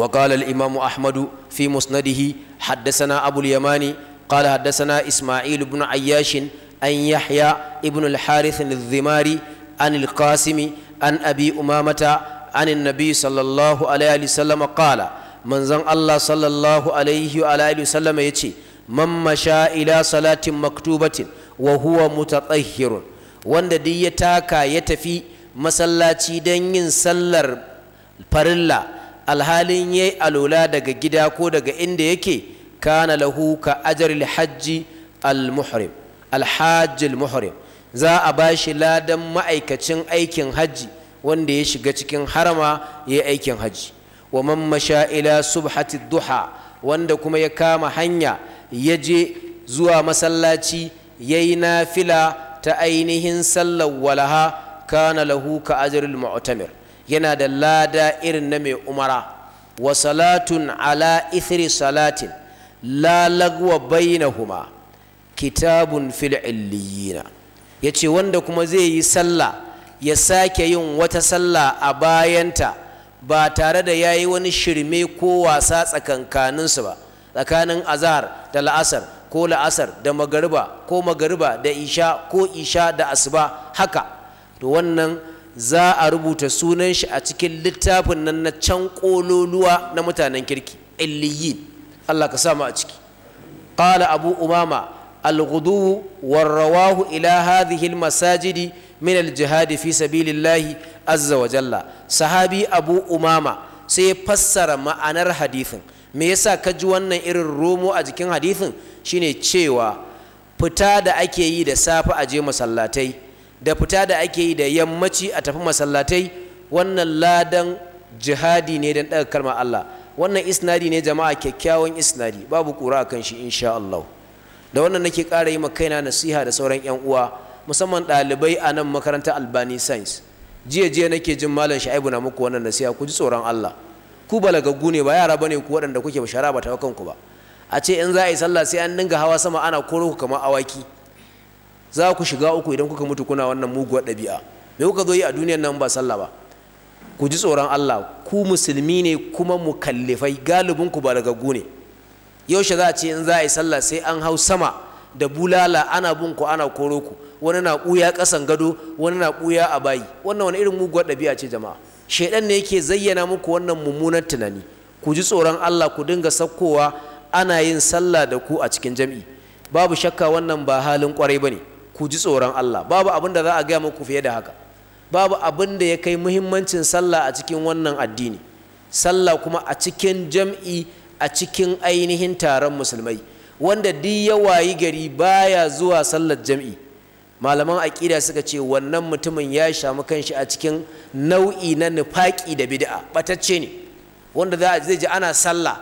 wa qala al imamu ahmadu fi musnadihi haddathana abul yamani qala haddathana isma'il ibn ayyashin an yahya ibn al harith al dhimari an al qasim an abi umamata an النبي sallallahu alaihi عليه وسلم manzon Allah sallallahu alaihi wa alihi sallama yace man masha ila salatin maktubatin wa huwa mutatahhirun wanda duk ya taka ya tafi masallaci don yin sallar farilla alhalin yayi alola daga gida ko daga inda yake kana lahu ka ajril hajji al muhrim al muhrim za a bashi ladan ma'aikacin aikin hajji wanda ya shiga cikin harama ya yi aikin hajji wa man masha ila subhati duha wanda kuma ya kama hanya ya je zuwa masallaci ya yi nafila ta ainihin sallar walaha kana lahu ka ajrul mu'tamir yana da lada irin na mai umara wa salatun ala ithri salatin la lagwa bainahuma kitabun fil illiyina yace wanda kuma zai yi sallah ya sake yin wata sallah a bayanta ba tare da yayi wani shirme ko wasa tsakankaninsu ba tsakanin Azar da la'asar ko la'asar da magariba ko magariba da isha ko isha da asuba haka to wannan za a rubuta sunan shi a cikin littafin nan na can kololuwa na mutanen kirki illiyin Allah ka sa mu a ciki qala abu umama al-ghudu ila hadhihi al-masajidi min al fi sabilillahi azza wa jalla sahabi abu umama sai fassara ma'anar hadithin me yasa ka ji wannan irin romo a jikin hadithin shine cewa fita da ake yi da safe a je masallatai da fita da ake yi da yammaci a tafi masallatai wannan ladan jihadi ne don ɗaga kalmar Allah wannan isnadi ne jama'a kyakkyawan isnadi babu ƙura a kan shi insha Allah da wannan nake ƙara yi ma kaina nasiha da sauran 'yan uwa musamman ɗalibai a nan makarantar albani science jiya jiya nake jin malam sha'ibu na muku wannan nasiha ku ji tsoron Allah ku balagaggu ne ba yara bane ku waɗanda kuke bashara ba ta kanku ba a ce in za a yi sallah sai an dinga hawa sama ana koro ku kamar awaki za ku shiga uku idan kuka mutu kuna wannan muguwar ɗabi'a me kuka zo yi a duniyar nan ba sallah ba ku ji tsoron Allah ku musulmi ne kuma mukallifai galibin ku balagaggu ne yaushe za a ce in za a yi sallah sai an hau sama da bulala ana bin ku ana koro ku wani na ɓuya ƙasan gado wani na ɓuya a bayi wannan wani irin muguwar ɗabi'a ce jama'a shaidan ne yake zayyana muku wannan mummunar tunani ku ji tsoron Allah ku dinga sakkowa ana yin sallah da ku a cikin jam'i babu shakka wannan ba halin kwarai bane ku ji tsoron Allah babu abin da za a gaya muku fiye da haka babu abin da ya kai muhimmancin sallah a cikin wannan addini sallah kuma a cikin jam'i a cikin ainihin taron musulmai wanda duk ya wayi gari baya zuwa sallar jam'i malaman aƙida suka ce wannan mutumin ya shamu kanshi a cikin nau'i na nufaƙi da bid'a batacce ne wanda zai ji ana sallah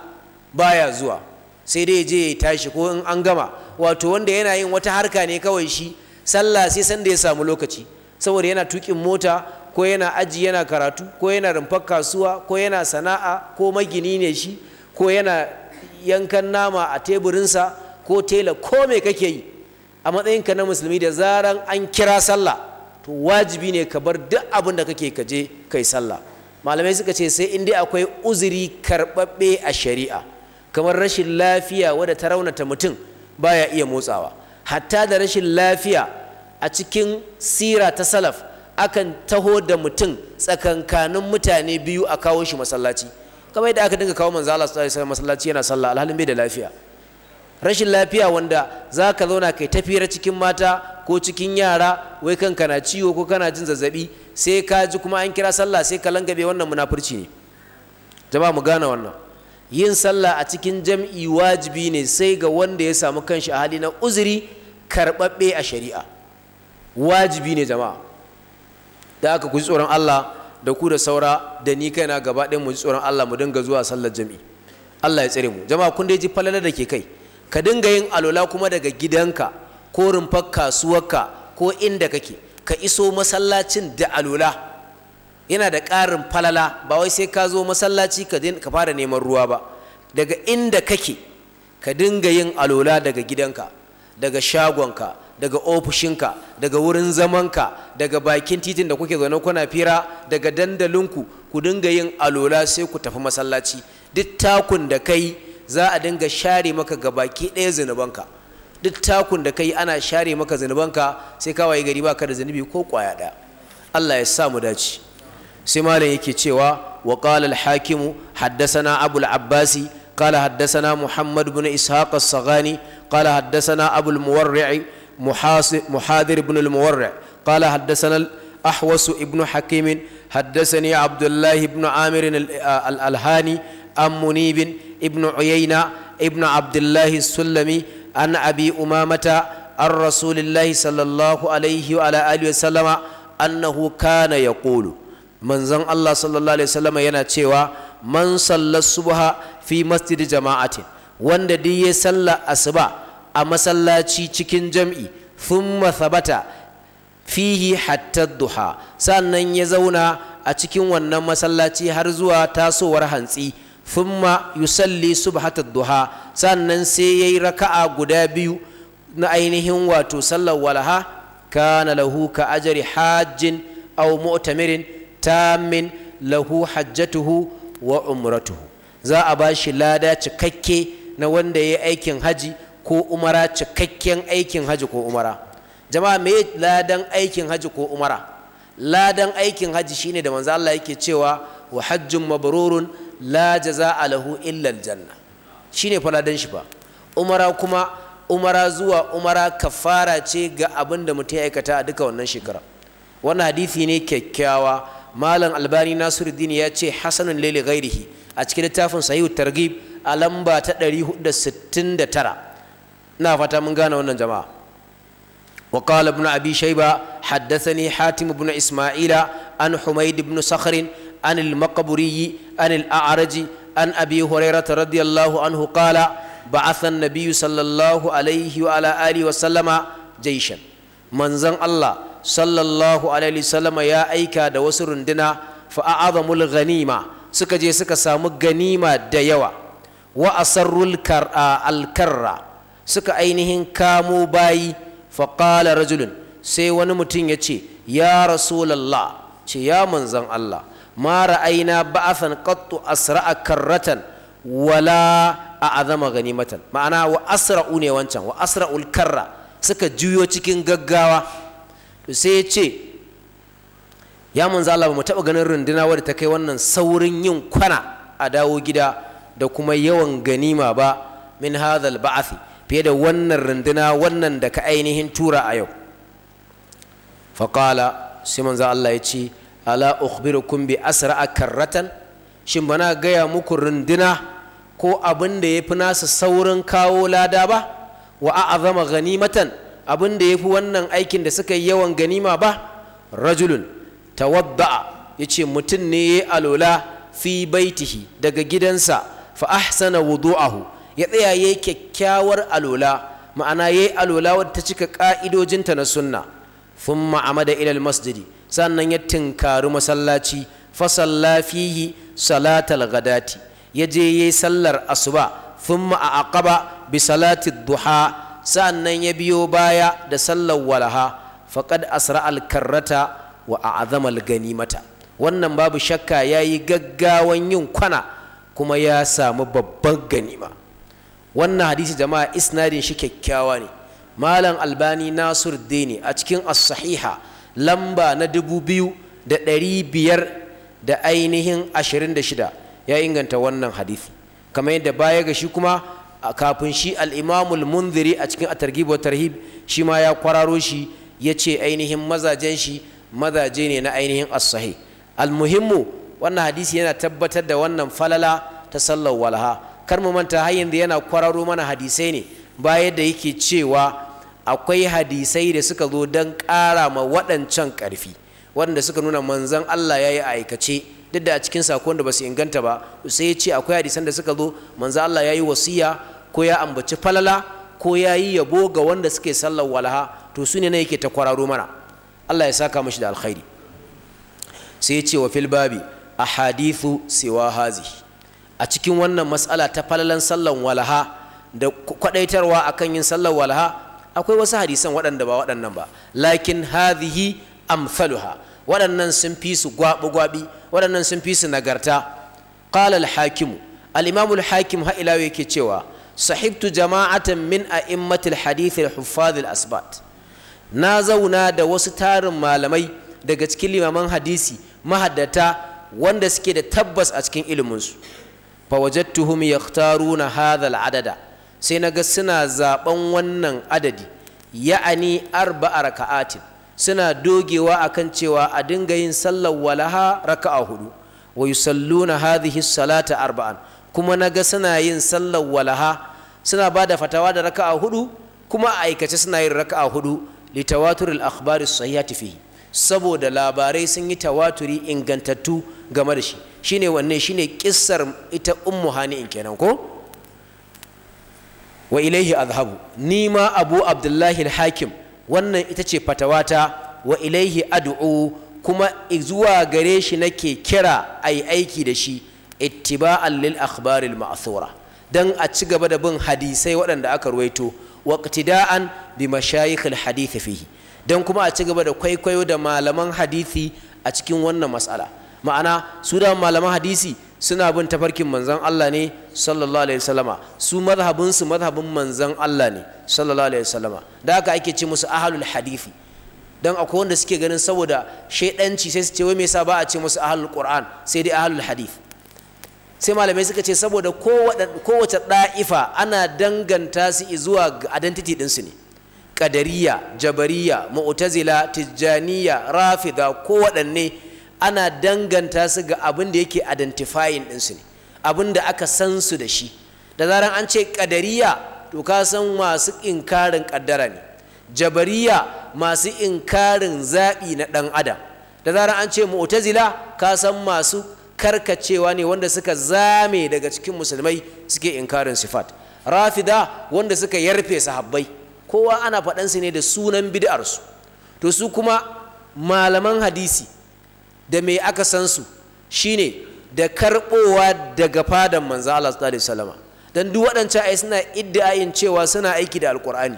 baya zuwa sai dai je ya tashi ko in an gama wato wanda yana yin wata harka ne kawai shi sallah sai san da ya samu lokaci saboda yana tukin mota ko yana aji yana karatu ko yana rumfar kasuwa ko yana sana'a ko magini ne shi ko yana yankan nama a teburinsa ko tela ko me kake yi a matsayinka na musulmi da zaran an kira sallah to wajibi ne ka bar duk abin da kake ka je kai sallah malamai suka ce sai in dai akwai uzuri karɓaɓɓe a shari'a kamar rashin lafiya wadda ta raunata mutum baya iya motsawa hatta da rashin lafiya a cikin sira ta salaf akan taho da mutum tsakankanin mutane biyu a kawo shi masallaci kamar yadda aka dinga kawo manzo Allah sallallahu alaihi wasallam masallaci yana sallah alhalin bai da lafiya rashin lafiya wanda za ka zauna kai tafiyar cikin mata ko cikin yara wai kanka na ciwo ko kana jin zazzabi sai ka ji kuma an kira sallah sai ka langabe wannan munafurci ne jama'a mu gane wannan yin sallah a cikin jam'i wajibi ne sai ga wanda ya samu kanshi a hali na uzuri karɓaɓɓe a shari'a wajibi ne jama'a da aka kuji tsoron Allah da ku da saura da ni kaina gaba ɗaya mu ji tsoron Allah mu dinga zuwa sallar jam'i Allah ya tsare mu jama'a kun dai ji falala da ke kai ka dinga yin alola kuma daga gidanka ko rumfar kasuwarka ko inda kake ka iso masallacin da alola yana da ƙarin falala ba wai sai ka zo masallaci ka fara neman ruwa ba daga inda kake ka dinga yin alola daga gidanka daga shagonka daga ofishinka daga wurin zamanka daga bakin titin da kuke zaune kuna fira daga dandalinku ku dinga yin alola sai ku tafi masallaci duk takun da kai za a dinga share maka gabaki ɗaya zunubanka duk takun da kai ana share maka zunubanka sai ka waye gari baka da zunubi ko kwaya ɗaya Allah ya sa mu dace sai malam yake cewa wa qala al hakimu haddathana abul abbasi qala haddathana muhammad ibn ishaq as sagani qala haddathana abul muwarri muhadir ibn Hakimin muwarri Abdullahi bn ahwasu amir alhani an munibin ibn uyayna ibn abdullahi sulami an abi umamata an rasulillahi sallallahu alaihi wa ala alihi wasallama annahu kana yaqulu manzon Allah sallallahu alaihi wasallama yana cewa man salla subha fi masjid jama'atin wanda duk ya salla asuba a masallaci cikin jam'i thumma thabata fihi hatta duha sannan ya zauna a cikin wannan masallaci har zuwa tasowar hantsi thumma yusalli subhata duha sannan sai yayi raka'a guda biyu na ainihin wato sallar walaha kana lahu ka ajri hajjin aw mu'tamirin tammin lahu hajjatuhu wa umratuhu za a bashi lada cikakke na wanda yayi aikin haji ko umara cikakken aikin haji ko umara jama'a me ladan aikin haji ko umara ladan aikin haji shine da manzo Allah yake cewa wa hajjun mabrurun la jaza'a lahu illa aljanna shine faladan shi fa umara kuma umara zuwa umara kafara ce ga abin da mutum ya aikata a duka wannan shekara wannan hadisi ne kyakkyawa malam albani nasiruddin ya ce hasanun lili ghairihi a cikin littafin sahihu targhib a lamba ta 469 na fata mun gane wannan jama'a وقال ابن ibn abi حدثني حاتم بن ibn isma'ila an بن صخر عن المقبري عن الأعرج عن أبي هريرة رضي الله عنه قال بعث النبي صلى الله عليه وعلى آله وسلم جيشا منزن الله صلى الله عليه وسلم يا أيكا دوسر دنا فأعظم الغنيمة سكجي سكا سامو غنيمة ديوا وأسر الكر الكرة سكا أينهن كامو باي فقال رجل سي ونمتين يتي يا رسول الله ce ya manzan Allah ma ra'ayna ba'athan qattu asra'a karratan wala a azama ganimatan ma'ana wa asra'u ne wancan wa asra'ul karra suka juyo cikin gaggawa sai ya ce ya manzo Allah mu taba ganin runduna wadda ta kai wannan saurin yin kwana a dawo gida da kuma yawan ganima ba min hadhal ba'athi fiye da wannan runduna wannan da ka ainihin tura a yau faƙala sai manzo Allah ya ce ala ukhbirukum bi asra karratan shin bana gaya muku runduna ko abin da yafi nasu saurin kawo lada ba wa a'zama ganimatan abin da yafi wannan aikin da suka yi yawan ganima ba rajulun tawadda'a yace mutum ne ya alola fi baitihi daga gidansa fa ahsana wudu'ahu ya tsaya yayi kyakkyawar alola ma'ana yayi alola wadda ta cika ka'idojinta na sunna thumma amada ila masjidi sannan ya tinkari masallaci fasan fihi salatal gadati ya je yayi sallar asuba thumma a aqaba bi salati duha sannan ya biyo baya da sallar walaha faqad asra al karrata wa a'zama ganimata wannan babu shakka yayi gaggawan yin kwana kuma ya samu babban ganima wannan hadisi jama'a isnadin shi kyakkyawa ne malam albani nasur dini a cikin as-sahiha lamba na dubu biyu da ɗari biyar da ainihin ashirin da shida ya inganta wannan hadisi kamar yadda baya ga shi kuma kafin shi al'imamul munziri a cikin atargibu wa tarhib shi ma ya kwararo shi ya ce ainihin mazajen shi mazaje ne na ainihin asahi almuhimmu wannan hadisi yana tabbatar da wannan falala ta sallar walha kar mu manta har yanzu yana kwararo mana hadisai ne bayan da yake cewa akwai hadisai da suka zo don ƙara ma waɗancan ƙarfi waɗanda suka nuna manzan Allah ya yi aikace duk da a cikin sakon da ba su inganta ba sai ya ce akwai hadisan da suka zo manzan Allah ya yi wasiya ko ya ambaci falala ko ya yi yabo ga wanda suke sallar walaha to su ne na yake ta kwararo mana Allah ya saka mashi da alkhairi sai ya ce wa fil babi ahadithu siwa hazi a cikin wannan matsala ta falalan sallan walaha da kwadaitarwa akan yin sallar walaha akwai wasu hadisan waɗanda ba waɗannan ba lakin hadhihi amsaluha waɗannan sun fi su gwabi waɗannan sun fi su nagarta qala al-hakimu al-imamu al-hakim ha ila yake cewa sahibtu jama'atan min a'immatil hadith al-huffaz al-asbat na zauna da wasu tarin malamai daga cikin limaman hadisi mahaddata wanda suke da tabbas a cikin iliminsu fa wajadtuhum yakhtaruna hadha al-adada sai na ga suna zaɓen wannan adadi ya'ani arba'a raka'atin suna dogewa akan cewa a dinga yin sallar walaha raka'a hudu wa yusalluna hadhihi salata arba'an kuma na ga suna yin sallar walaha suna ba da fatawa da raka'a hudu kuma a aikace suna yin raka'a hudu litawatur al-akhbari sahihati fihi saboda labarai sun yi tawaturi ingantattu game da shi shine wanne shine kissar ita ummu hani'in kenan ko wa ilaihi azhabu ni ma abu abdullahi hakim wannan ita ce fatawata wa ilaihi ad'u kuma zuwa gare shi nake kira ayi aiki da shi ittiba'an lil akhbaril ma'thura dan a ci gaba da bin hadisai waɗanda aka ruwaito wa iqtida'an bi mashayikhil hadith fihi dan kuma a ci gaba da kwaikwayo da malaman hadisi a cikin wannan mas'ala ma'ana su da malaman hadisi suna bin tafarkin manzan Allah ne sallallahu alaihi wasallama su mazhabin su mazhabin manzan Allah ne sallallahu alaihi wasallama da haka ake ce musu ahlul hadithi dan akwai wanda suke ganin saboda shaidanci sai su ce wai me yasa ba a ce musu ahlul qur'an sai dai ahlul hadith sai malamai suka ce saboda kowace da'ifa ana danganta su zuwa ga identity ɗinsu su ne kadariya jabariya mu'tazila tijjaniya rafida ko waɗanne ana danganta su ga abin da yake identifying su ne abin da aka san su da shi da zaran an ce ƙadariya to ka san masu inkarin ƙaddara ne jabariya masu inkarin zaɓi na ɗan adam da zaran an ce mu'tazila ka san masu karkacewa ne wanda suka zame daga cikin musulmai suke inkarin sifat rafida wanda suka yarfe sahabbai kowa ana faɗansu ne da sunan bid'arsu to su kuma malaman hadisi da me aka san su shine da karbowa daga fadan manzo Allah sallallahu alaihi wasallam dan duk waɗancan ai suna iddiayin cewa suna aiki da alqur'ani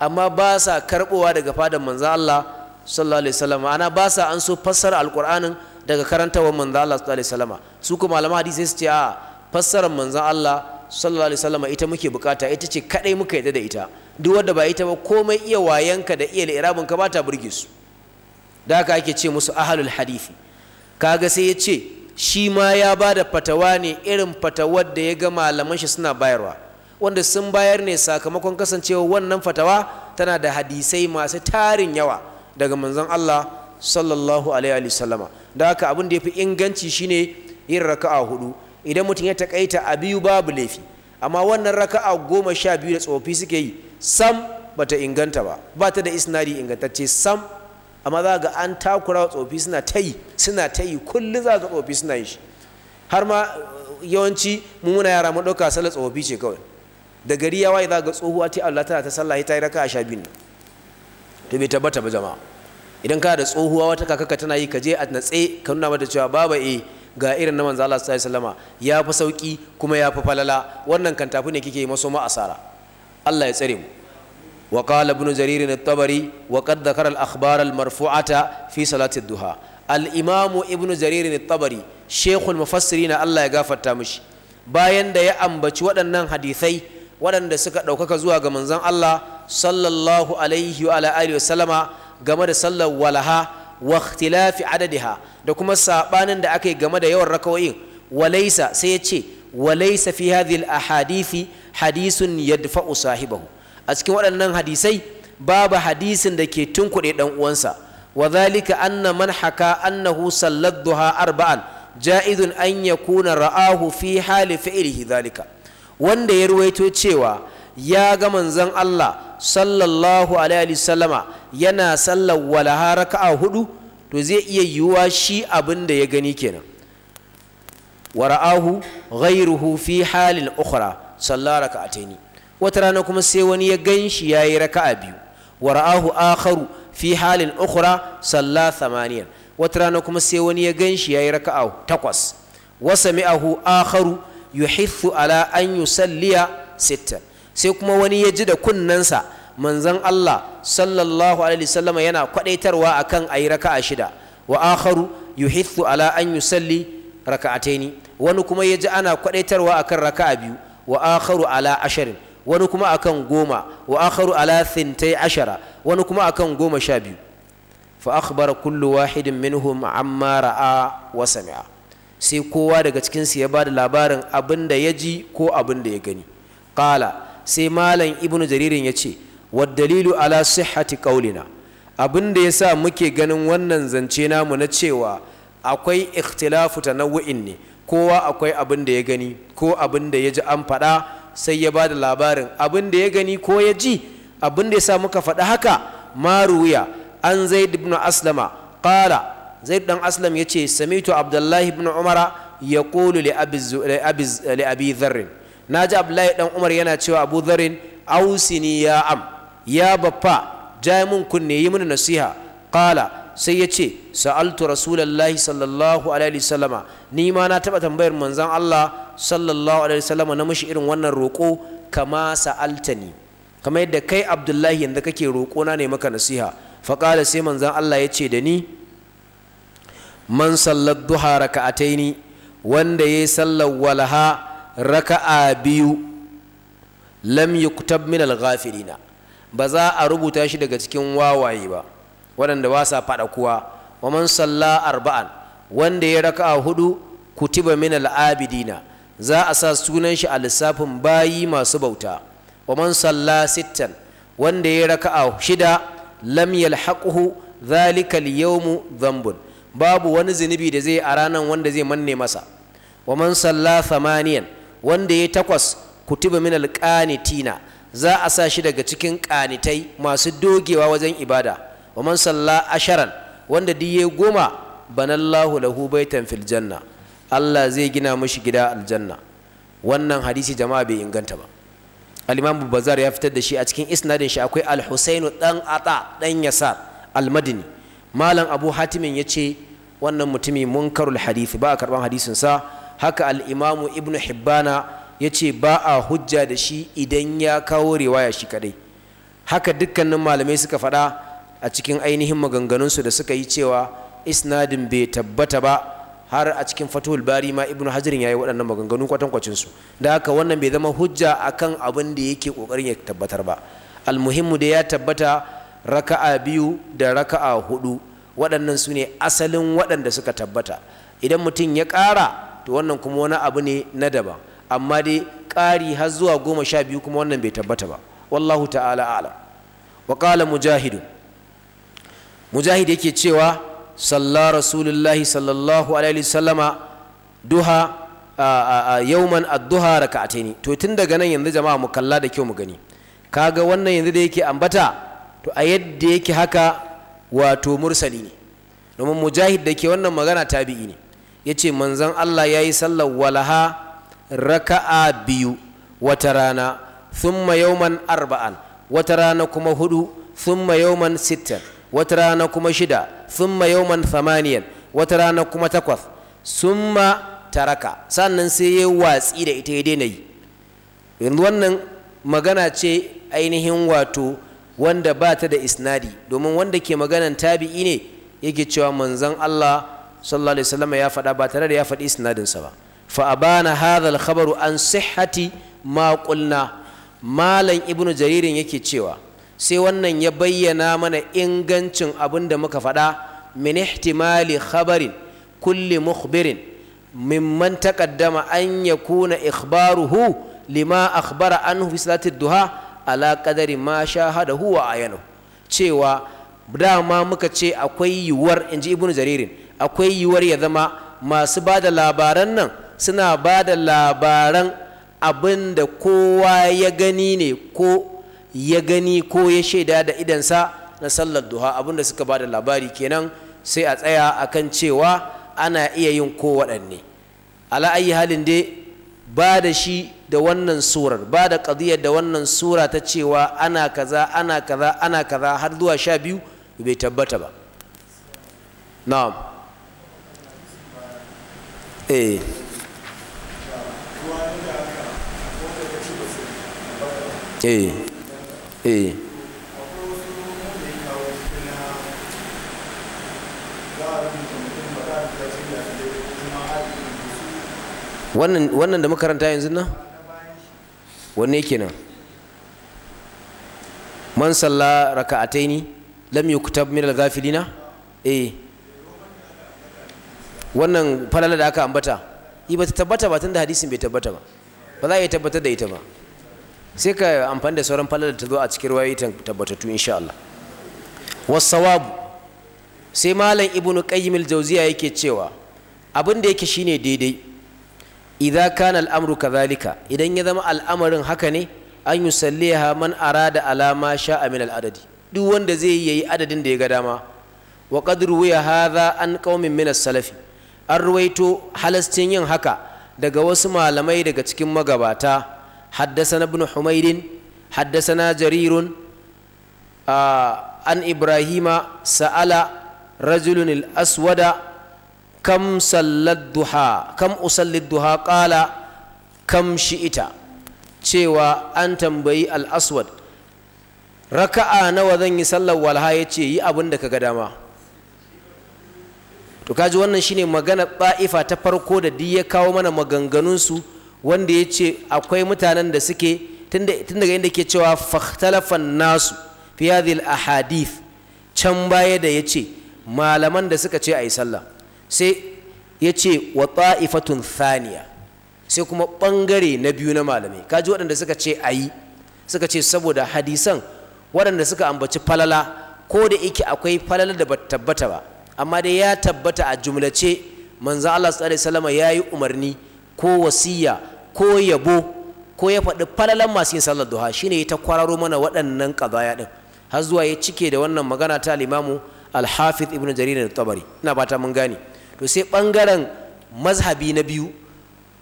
amma ba sa karbowa daga fadan manzo Allah sallallahu alaihi wasallam ana ba sa an so fassara alqur'anin daga karantawar manzo Allah sallallahu alaihi wasallam su kuma malaman hadisi su ce a fassara manzo Allah sallallahu alaihi wasallam ita muke bukata ita ce kadai muka yadda da ita duk wanda ba ita ba komai iya wayanka da iya irabin ka ba ta burge su da haka ake ce musu ahalul hadithi kaga sai ya ce shi ma ya ba da fatawa ne irin fatawar da ya ga malaman shi suna bayarwa wanda sun bayar ne sakamakon kasancewa wannan fatawa tana da hadisai masu tarin yawa daga manzon Allah sallallahu alaihi wasallama da haka abin da ya fi inganci shine yin raka'a hudu idan mutum ya takaita a biyu babu laifi amma wannan raka'a goma sha biyu da tsofi suke yi sam bata inganta ba bata da isnadi ingantacce sam amma za ga an takura tsofi suna ta yi suna ta yi kullum za ga tsofi suna yi har ma uh, yawanci mummuna muna yara mu ɗauka sallar tsofi ce kawai da gari ya waye za ga tsohuwa ta Allah tana ta sallah ta yi raka a sha ne to bai tabbata ba jama'a idan ka da tsohuwa wata kaka ka tana yi ka je a natse ka nuna mata cewa baba e ga irin na manzo Allah sallallahu alaihi ya fi sauki kuma ya fi falala wannan kan tafi ne kike yi maso ma asara Allah ya tsare mu وقال ابن جرير الطبري وقد fi الأخبار المرفوعة في صلاة الضحى الإمام ابن جرير الطبري na allah ya يغفر تامش bayan da ya ambaci waɗannan hadisai waɗanda suka ɗaukaka zuwa ga manzon Allah sallallahu alaihi wa alihi game da sallar walaha wa ikhtilafi adadiha da kuma sabanin da aka yi game da yawan rakawoyin walaisa sai ya ce walaisa fi hadhihi al ahadithi ya yadfa'u sahibahu a cikin waɗannan hadisai babu hadisin da ke tunkuɗe ɗan uwansa wa zalika anna man haka annahu sallat duha arba'an ja'izun an kuna ra'ahu fi hali fi'lihi zalika wanda ya ruwaito cewa ya ga manzon Allah sallallahu alaihi wasallama yana sallar walaha raka'a hudu to zai iya yiwuwa shi abin da ya gani kenan wa ra'ahu ghayruhu fi halin ukhra sallara raka'ataini wata rana kuma sai wani ya gan shi ya yi raka'a biyu wa ra'ahu akharu fi halin ukhra salla thamaniyan wata rana kuma sai wani ya gan shi ya yi raka'a takwas wa sami'ahu akharu yuhithu ala an yusalliya sittan sai kuma wani ya ji da kunnensa manzon Allah sallallahu alaihi wasallama yana kwadaitarwa akan ayi raka'a shida wa akharu yuhithu ala an yusalli raka'ataini wani kuma ya ji ana kwadaitarwa akan raka'a biyu wa akharu ala asharin wani kuma akan goma wa akharu ala thintai ashara wani kuma akan goma sha biyu fa akhbara kullu wahidin minhum amma ra'a wa sami'a sai kowa daga cikin su ya bada labarin abin da ya ji ko abin da ya gani kala sai malam ibnu jaririn ya ce wa dalilu ala sihhati qaulina abin da yasa muke ganin wannan zance namu na cewa akwai ikhtilafu tanawu'in ne kowa akwai abin da ya gani ko abin da ya ji an faɗa sai ya ba da labarin abin da ya gani ko ya ji abin da ya sa muka faɗi haka maruya an zai ibn aslama qala Zai ɗan aslam yace samitu abdullahi ibn umara ya li abi li abi dharr naji abdullahi ɗan umar yana cewa abu dharr ausini ya am ya baffa jai mun kunne yi mun nasiha Ƙala. sai yace sa'altu rasulullahi sallallahu alaihi wasallama ni ma na taɓa tambayar manzon Allah sallallahu alaihi wasallam na mishi irin wannan roƙo kama sa'altani kama yadda kai abdullahi yanda kake roƙo na ne maka nasiha faƙala sai manzon Allah ya ce da ni man sallar duha raka'ataini wanda ya sallar walaha raka'a biyu lam yuktab min al ba za a rubuta shi daga cikin wawaye ba waɗanda ba sa faɗa kuwa wa man salla arba'an wanda ya raka'a hudu kutiba min al za a sa sunan shi a lissafin bayi masu bauta wa man salla sittan wanda ya raka'a shida lam yalhaquhu dhalika al-yawmu dhanbun babu wani zunubi da zai a ranan wanda zai manne masa wa man salla thamaniyan wanda ya takwas kutuba min al-qanitina za a sa shi daga cikin qanitai masu dogewa wajen ibada wa man salla asharan wanda diye goma banallahu lahu baitan fil janna Allah zai gina mashi gida aljanna wannan hadisi jama'a bai inganta ba al-imam bazar ya fitar da shi a cikin isnadin shi akwai al-husainu dan ata dan yasar al-madini malam abu hatimin ya ce wannan mutumi munkarul hadisi ba karban hadisin sa haka al-imam ibnu hibbana ya ce ba a hujja da shi idan ya kawo riwaya shi kadai haka dukkanin malamai suka faɗa a cikin ainihin maganganunsu da suka yi cewa isnadin bai tabbata ba har a cikin fatuhul bari ma ibnu hajirin yi waɗannan maganganu kwatankwacin su da haka wannan bai zama hujja a kan abin da yake kokarin ya tabbatar ba almuhimmu da ya tabbata raka'a biyu da raka'a hudu waɗannan su ne asalin waɗanda suka tabbata idan mutum ya ƙara to wannan kuma wani abu ne na daban amma dai ƙari har zuwa goma sha biyu kuma wannan bai tabbata ba wallahu ta'ala alam wa qala mujahidu mujahid yake cewa صلى رسول الله صلى الله عليه وسلم duha yauman adduha to tun daga nan yanzu jama'a mu kalla da kyau mu gani kaga wannan yanzu da yake ambata to a yadda yake haka wato mursali ne domin mujahid da ke wannan magana tabi'i ne yace manzon Allah yayi sallar walaha raka'a biyu wata rana thumma yauman arba'an wata rana kuma hudu thumma yauman sittan wata rana kuma shida summa yawman samaniyan wata rana kuma takwas summa taraka sannan sai ya watsi da ita ya daina yi yanzu wannan magana ce ainihin wato wanda ba ta da isnadi domin wanda ke maganan tabi'i ne yake cewa manzon Allah sallallahu alaihi wasallam ya faɗa ba tare da ya faɗi isnadinsa ba fa abana hadha al-khabaru an sihhati ma qulna malam ibnu jaririn yake cewa sai wannan ya bayyana mana ingancin abin da muka faɗa min ihtimali khabarin kulli mukhbirin mimman taqaddama an yakuna ikhbaruhu lima akhbara anhu fi salati duha ala qadari ma shahadahu wa ayanu cewa dama muka ce akwai yiwuwar inji ibnu jaririn akwai yiwuwar ya zama masu ba da labaran nan suna ba da labaran abin da kowa ya gani ne ko ya gani ko ya shaida da idansa na sallar duha abinda suka bada labari kenan sai a tsaya akan cewa ana iya yin ko waɗanne ala ayi halin dai ba da shi da wannan surar ba da ƙadiyar da wannan sura ta cewa ana kaza ana kaza ana kaza har zuwa sha biyu bai tabbata ba na'am eh eh eh wannan da makaranta yanzu nan wanne kenan man salla raka'ataini lam yuktab min al-ghafilina eh wannan falala da aka ambata yi ba ta tabbata ba tunda hadisin bai tabbata ba ba za a iya tabbatar da ita ba sai ka amfani da sauran falalar ta zo a cikin ta tabbatattu insha Allah wasawabu sai malam ibnu qayyim al-jawziya yake cewa abin da yake shine daidai idza kana al-amru kadhalika idan ya zama al'amarin haka ne an yusalliha man arada alama sha'a min al-adadi duk wanda zai yi adadin da ya ga dama wa qad ruwiya hadha an qaumin min as-salafi an ruwaito halastin yin haka daga wasu malamai daga cikin magabata حدثنا ابن حميد حدثنا جرير آه عن إبراهيم سأل رجل الأسود كم صلى الضحى كم أصلي الضحى قال كم شئت cewa an tambayi al'aswad raka'a nawa zan yi sallar walha ya ce yi abin da ka ga dama to kaji wannan shine magana ba'ifa ta farko da duk ya kawo mana maganganunsu wanda ya ce akwai mutanen da suke tun daga inda ke cewa fahtalafan nasu fi hadhihi ahadith can baya da ya ce malaman da suka ce a yi sallah sai ya ce wa ta'ifatun thaniya sai kuma ɓangare na biyu na malamai kaji waɗanda suka ce a yi suka ce saboda hadisan waɗanda suka ambaci falala ko da yake akwai falala da bata tabbata ba amma dai ya tabbata a jumlace manzo Allah sallallahu alaihi wasallam ya yi umarni ko wasiya ko yabo ko ya faɗi falalan masu yin sallar duha shine ya ta kwararo mana waɗannan ƙazaya ɗin har zuwa ya cike da wannan magana ta limamu alhafiz ibn jarir da tabari ina bata mun gane to sai ɓangaren mazhabi na biyu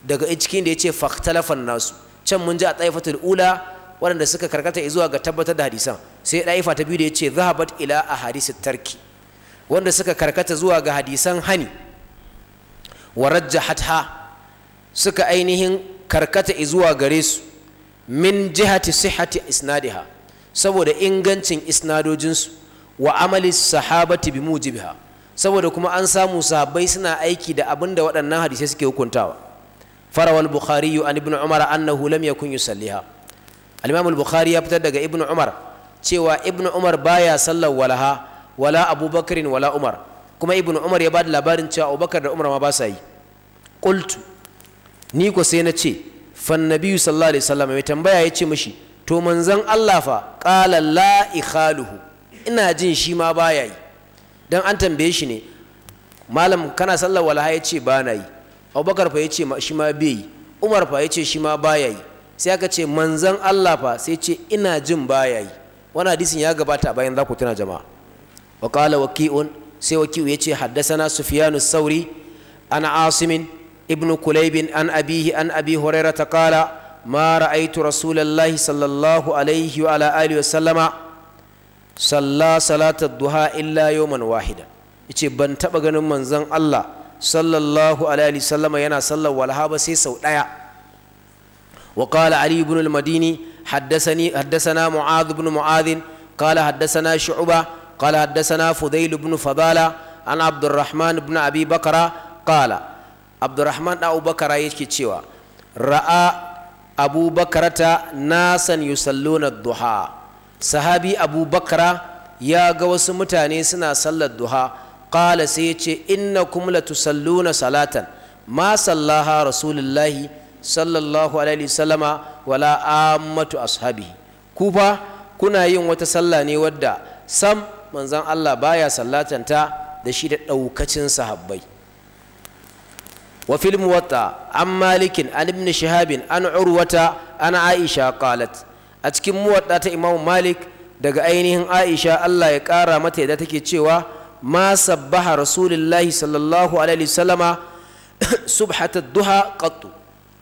daga cikin da ya ce faktalafan nasu can mun ji a tsaifatul ula waɗanda suka karkata zuwa ga tabbatar da hadisan sai ɗaifa ta biyu da ya ce zahabat ila a hadisu tarki wanda suka karkata zuwa ga hadisan hani wa ha suka ainihin karkata zuwa gare su min jihati sihati isnadiha saboda ingancin isnadojinsu wa amali sahabati bi mujibiha saboda kuma an samu sahabbai suna aiki da abin da waɗannan hadisai suke hukuntawa farawal bukhari an ibn umar annahu lam yakun yusalliha al-imam al-bukhari ya fitar daga ibn umar cewa ibn umar baya sallar walaha wala abubakar wala umar kuma ibn umar ya ba da labarin cewa abubakar da umar ma ba sa yi qultu ni ko sai na ce fan sallallahu alaihi wasallam mai tambaya ya ce mishi to manzon Allah fa qala la ikhaluhu ina jin shi ma baya yi dan an tambaye shi ne malam kana sallar walaha ya ce ba na yi abubakar fa ya ce shi ma bai yi umar fa ya ce shi ma baya yi sai aka ce manzon Allah fa sai ce ina jin baya yi wannan hadisin ya gabata bayan za ku tuna jama'a wa qala waqi'un sai waqi'u ya ce na sufyanu sauri ana asimin ابن كليب عن أبيه عن أبي هريرة قال ما رأيت رسول الله صلى الله عليه وعلى آله وسلم صلى صلاة الضحى إلا يوما واحدا ban taɓa ganin manzon Allah yana sallar walha ba sai sau ɗaya wa qala ali ibn al-madini haddathani haddathana mu'adh ibn mu'adh qala haddathana fadala an abdurrahman ibn abi bakra abdurrahman da abubakar yake cewa ra'a ta nasan yusalluna duha sahabi abubakara ya ga wasu mutane suna sallar duha qala sai ya ce innakum latusalluna salatan ma sallaha rasulullahi sallallahu alaihi wasallama wala ammatu Ashabi. ku fa kuna yin wata sallah ne wadda sam manzon Allah baya sallatan ta da shi da daukacin sahabbai وفي الموطا عن مالك عن an aisha عن a cikin عائشه قالت اتكم موطا امام مالك دغ اينهن عائشه الله يقرا متى اذا تكي تشوا ما سبح رسول الله صلى الله عليه وسلم سبحه الضحى قط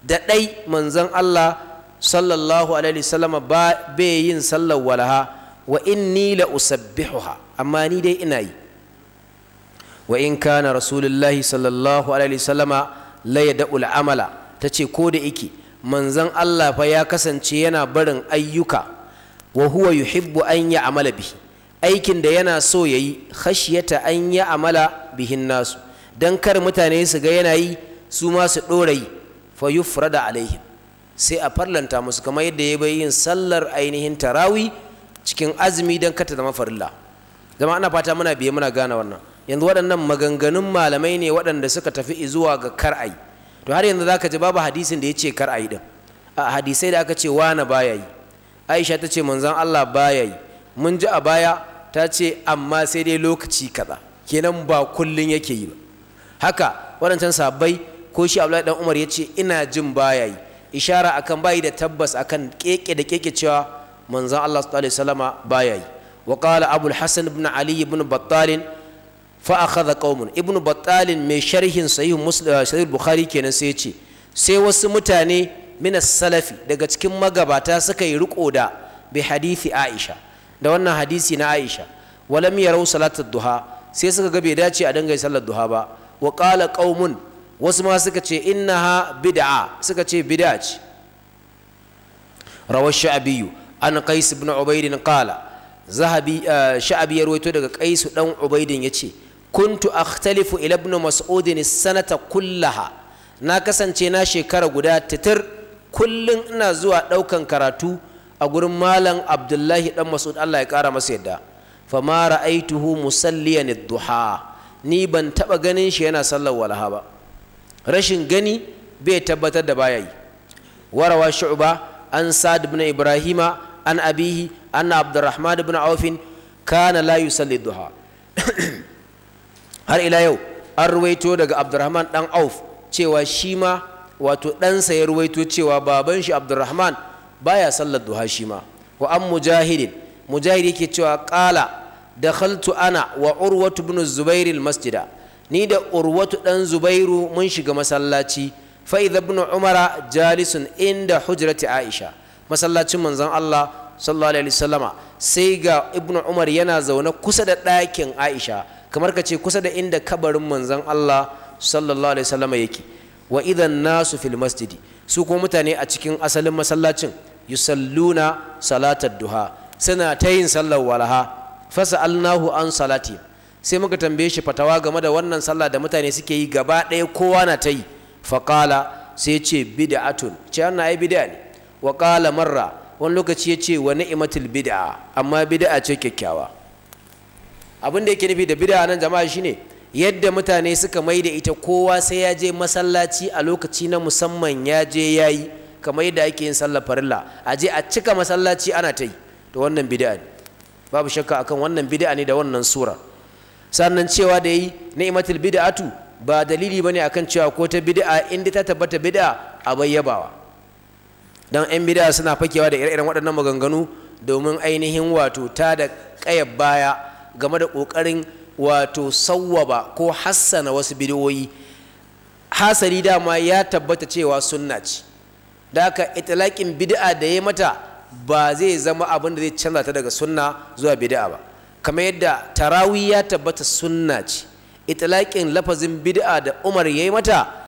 da ɗai manzon Allah sallallahu alaihi wasallam ba bai yin sallar walaha wa inni la usabbihuha amma ni dai ina yi wa in kana rasulullahi sallallahu alaihi wasallama la ul'amala ta ce ko da iki manzon Allah fa ya kasance yana barin ayyuka wa huwa yuhibbu an ya'mala bihi aikin da yana so yayi hashiyata an amala bihin nasu dan kar mutane su ga yana yi su ma su dora yi fa yufrada alaihim sai a farlanta musu kamar yadda ya bai yin sallar ainihin tarawi cikin azumi don kata da mafarilla zama ana fata muna biye muna gane wannan yanzu waɗannan maganganun malamai ne waɗanda suka tafi zuwa ga kar'ai to har yanzu zaka ji babu hadisin da ya ce kar'ai din a hadisai da aka ce na baya yi aisha ta ce manzon allah baya yi mun ji a baya ta ce amma sai dai lokaci kaza kenan ba kullum yake yi ba haka waɗancan sabbai ko shi abdullahi dan umar ya ce ina jin baya yi ishara akan bayi da tabbas akan keke da keke cewa manzon allah sallallahu alaihi wasallama baya yi وقال أبو الحسن بن علي بن بطال fa akhadha qaumun ibnu battalin mai sharhin sahih muslim bukhari kenan sai ce sai wasu mutane minas salafi daga cikin magabata suka yi riko da bi hadisi aisha da wannan hadisi na aisha walam yarau salatu duha sai suka ga bai dace a dangai sallar duha ba wa qala qaumun wasu ma suka ce innaha bid'a suka ce bid'a ce rawar sha'abiyu an qais ibn ubaidin qala zahabi sha'abi ya daga qais dan ubaidin yace kuntu akhtalifu ila ibn mas'ud sanata kullaha na kasance na shekara guda titir kullun ina zuwa ɗaukan karatu a gurin malam abdullahi dan mas'ud Allah ya kara masa yadda fama ra'aituhu musalliyan ad-duha ni ban taba ganin shi yana sallar walaha ba rashin gani bai tabbatar da baya warawa shu'ba an sa'd ibn ibrahima an abihi an abdurrahman ibn auf kana la yusalli duha har ila yau an ruwaito daga abdurrahman dan auf cewa shi ma wato ɗansa ya ruwaito cewa baban shi abdurrahman baya sallar duha shi ma wa an mujahidin mujahid yake cewa ƙala haltu ana wa urwatu ibn zubairu masjida ni da urwatu dan zubairu mun shiga masallaci fa idza ibn umara jalisun inda hujrati aisha masallacin manzon Allah sallallahu alaihi wasallama sai ga ibn umar yana zaune kusa da ɗakin aisha kamar ka ce kusa da inda kabarin manzon Allah sallallahu alaihi wasallama yake wa idan nasu fil masjidi su ko mutane a cikin asalin masallacin yusalluna salatar duha suna ta yin sallar walaha fasalnahu an salati sai muka tambaye shi fatawa game da wannan sallah da mutane suke yi gaba ɗaya kowa na ta yi faqala sai ce bid'atun ce wannan ai bid'a ne wa qala marra wani lokaci ya ce wa ni'matul bid'a amma bid'a ce kyakkyawa abin da yake nufi da bid'a nan jama'a shine yadda mutane suka mai da ita kowa sai ya je masallaci a lokaci na musamman ya je ya yi kamar yadda ake yin sallar farilla a je a cika masallaci ana ta yi to wannan bid'a ne babu shakka akan wannan bid'a ne da wannan sura sannan cewa da yi ni'matul bid'atu ba dalili bane akan cewa ko ta bid'a inda ta tabbata bid'a a bayyabawa dan yan bid'a suna fakewa da ire-iren waɗannan maganganu domin ainihin wato ta da ƙayar baya game da ƙoƙarin wato sawwaba ko hassana wasu bidiyoyi hasari dama ya tabbata cewa sunna ce da haka itilaƙin bid'a da ya mata ba zai zama abin da zai canza ta daga sunna zuwa bid'a ba kamar yadda tarawi ya tabbata sunna ce itilaƙin lafazin bid'a da umar ya yi mata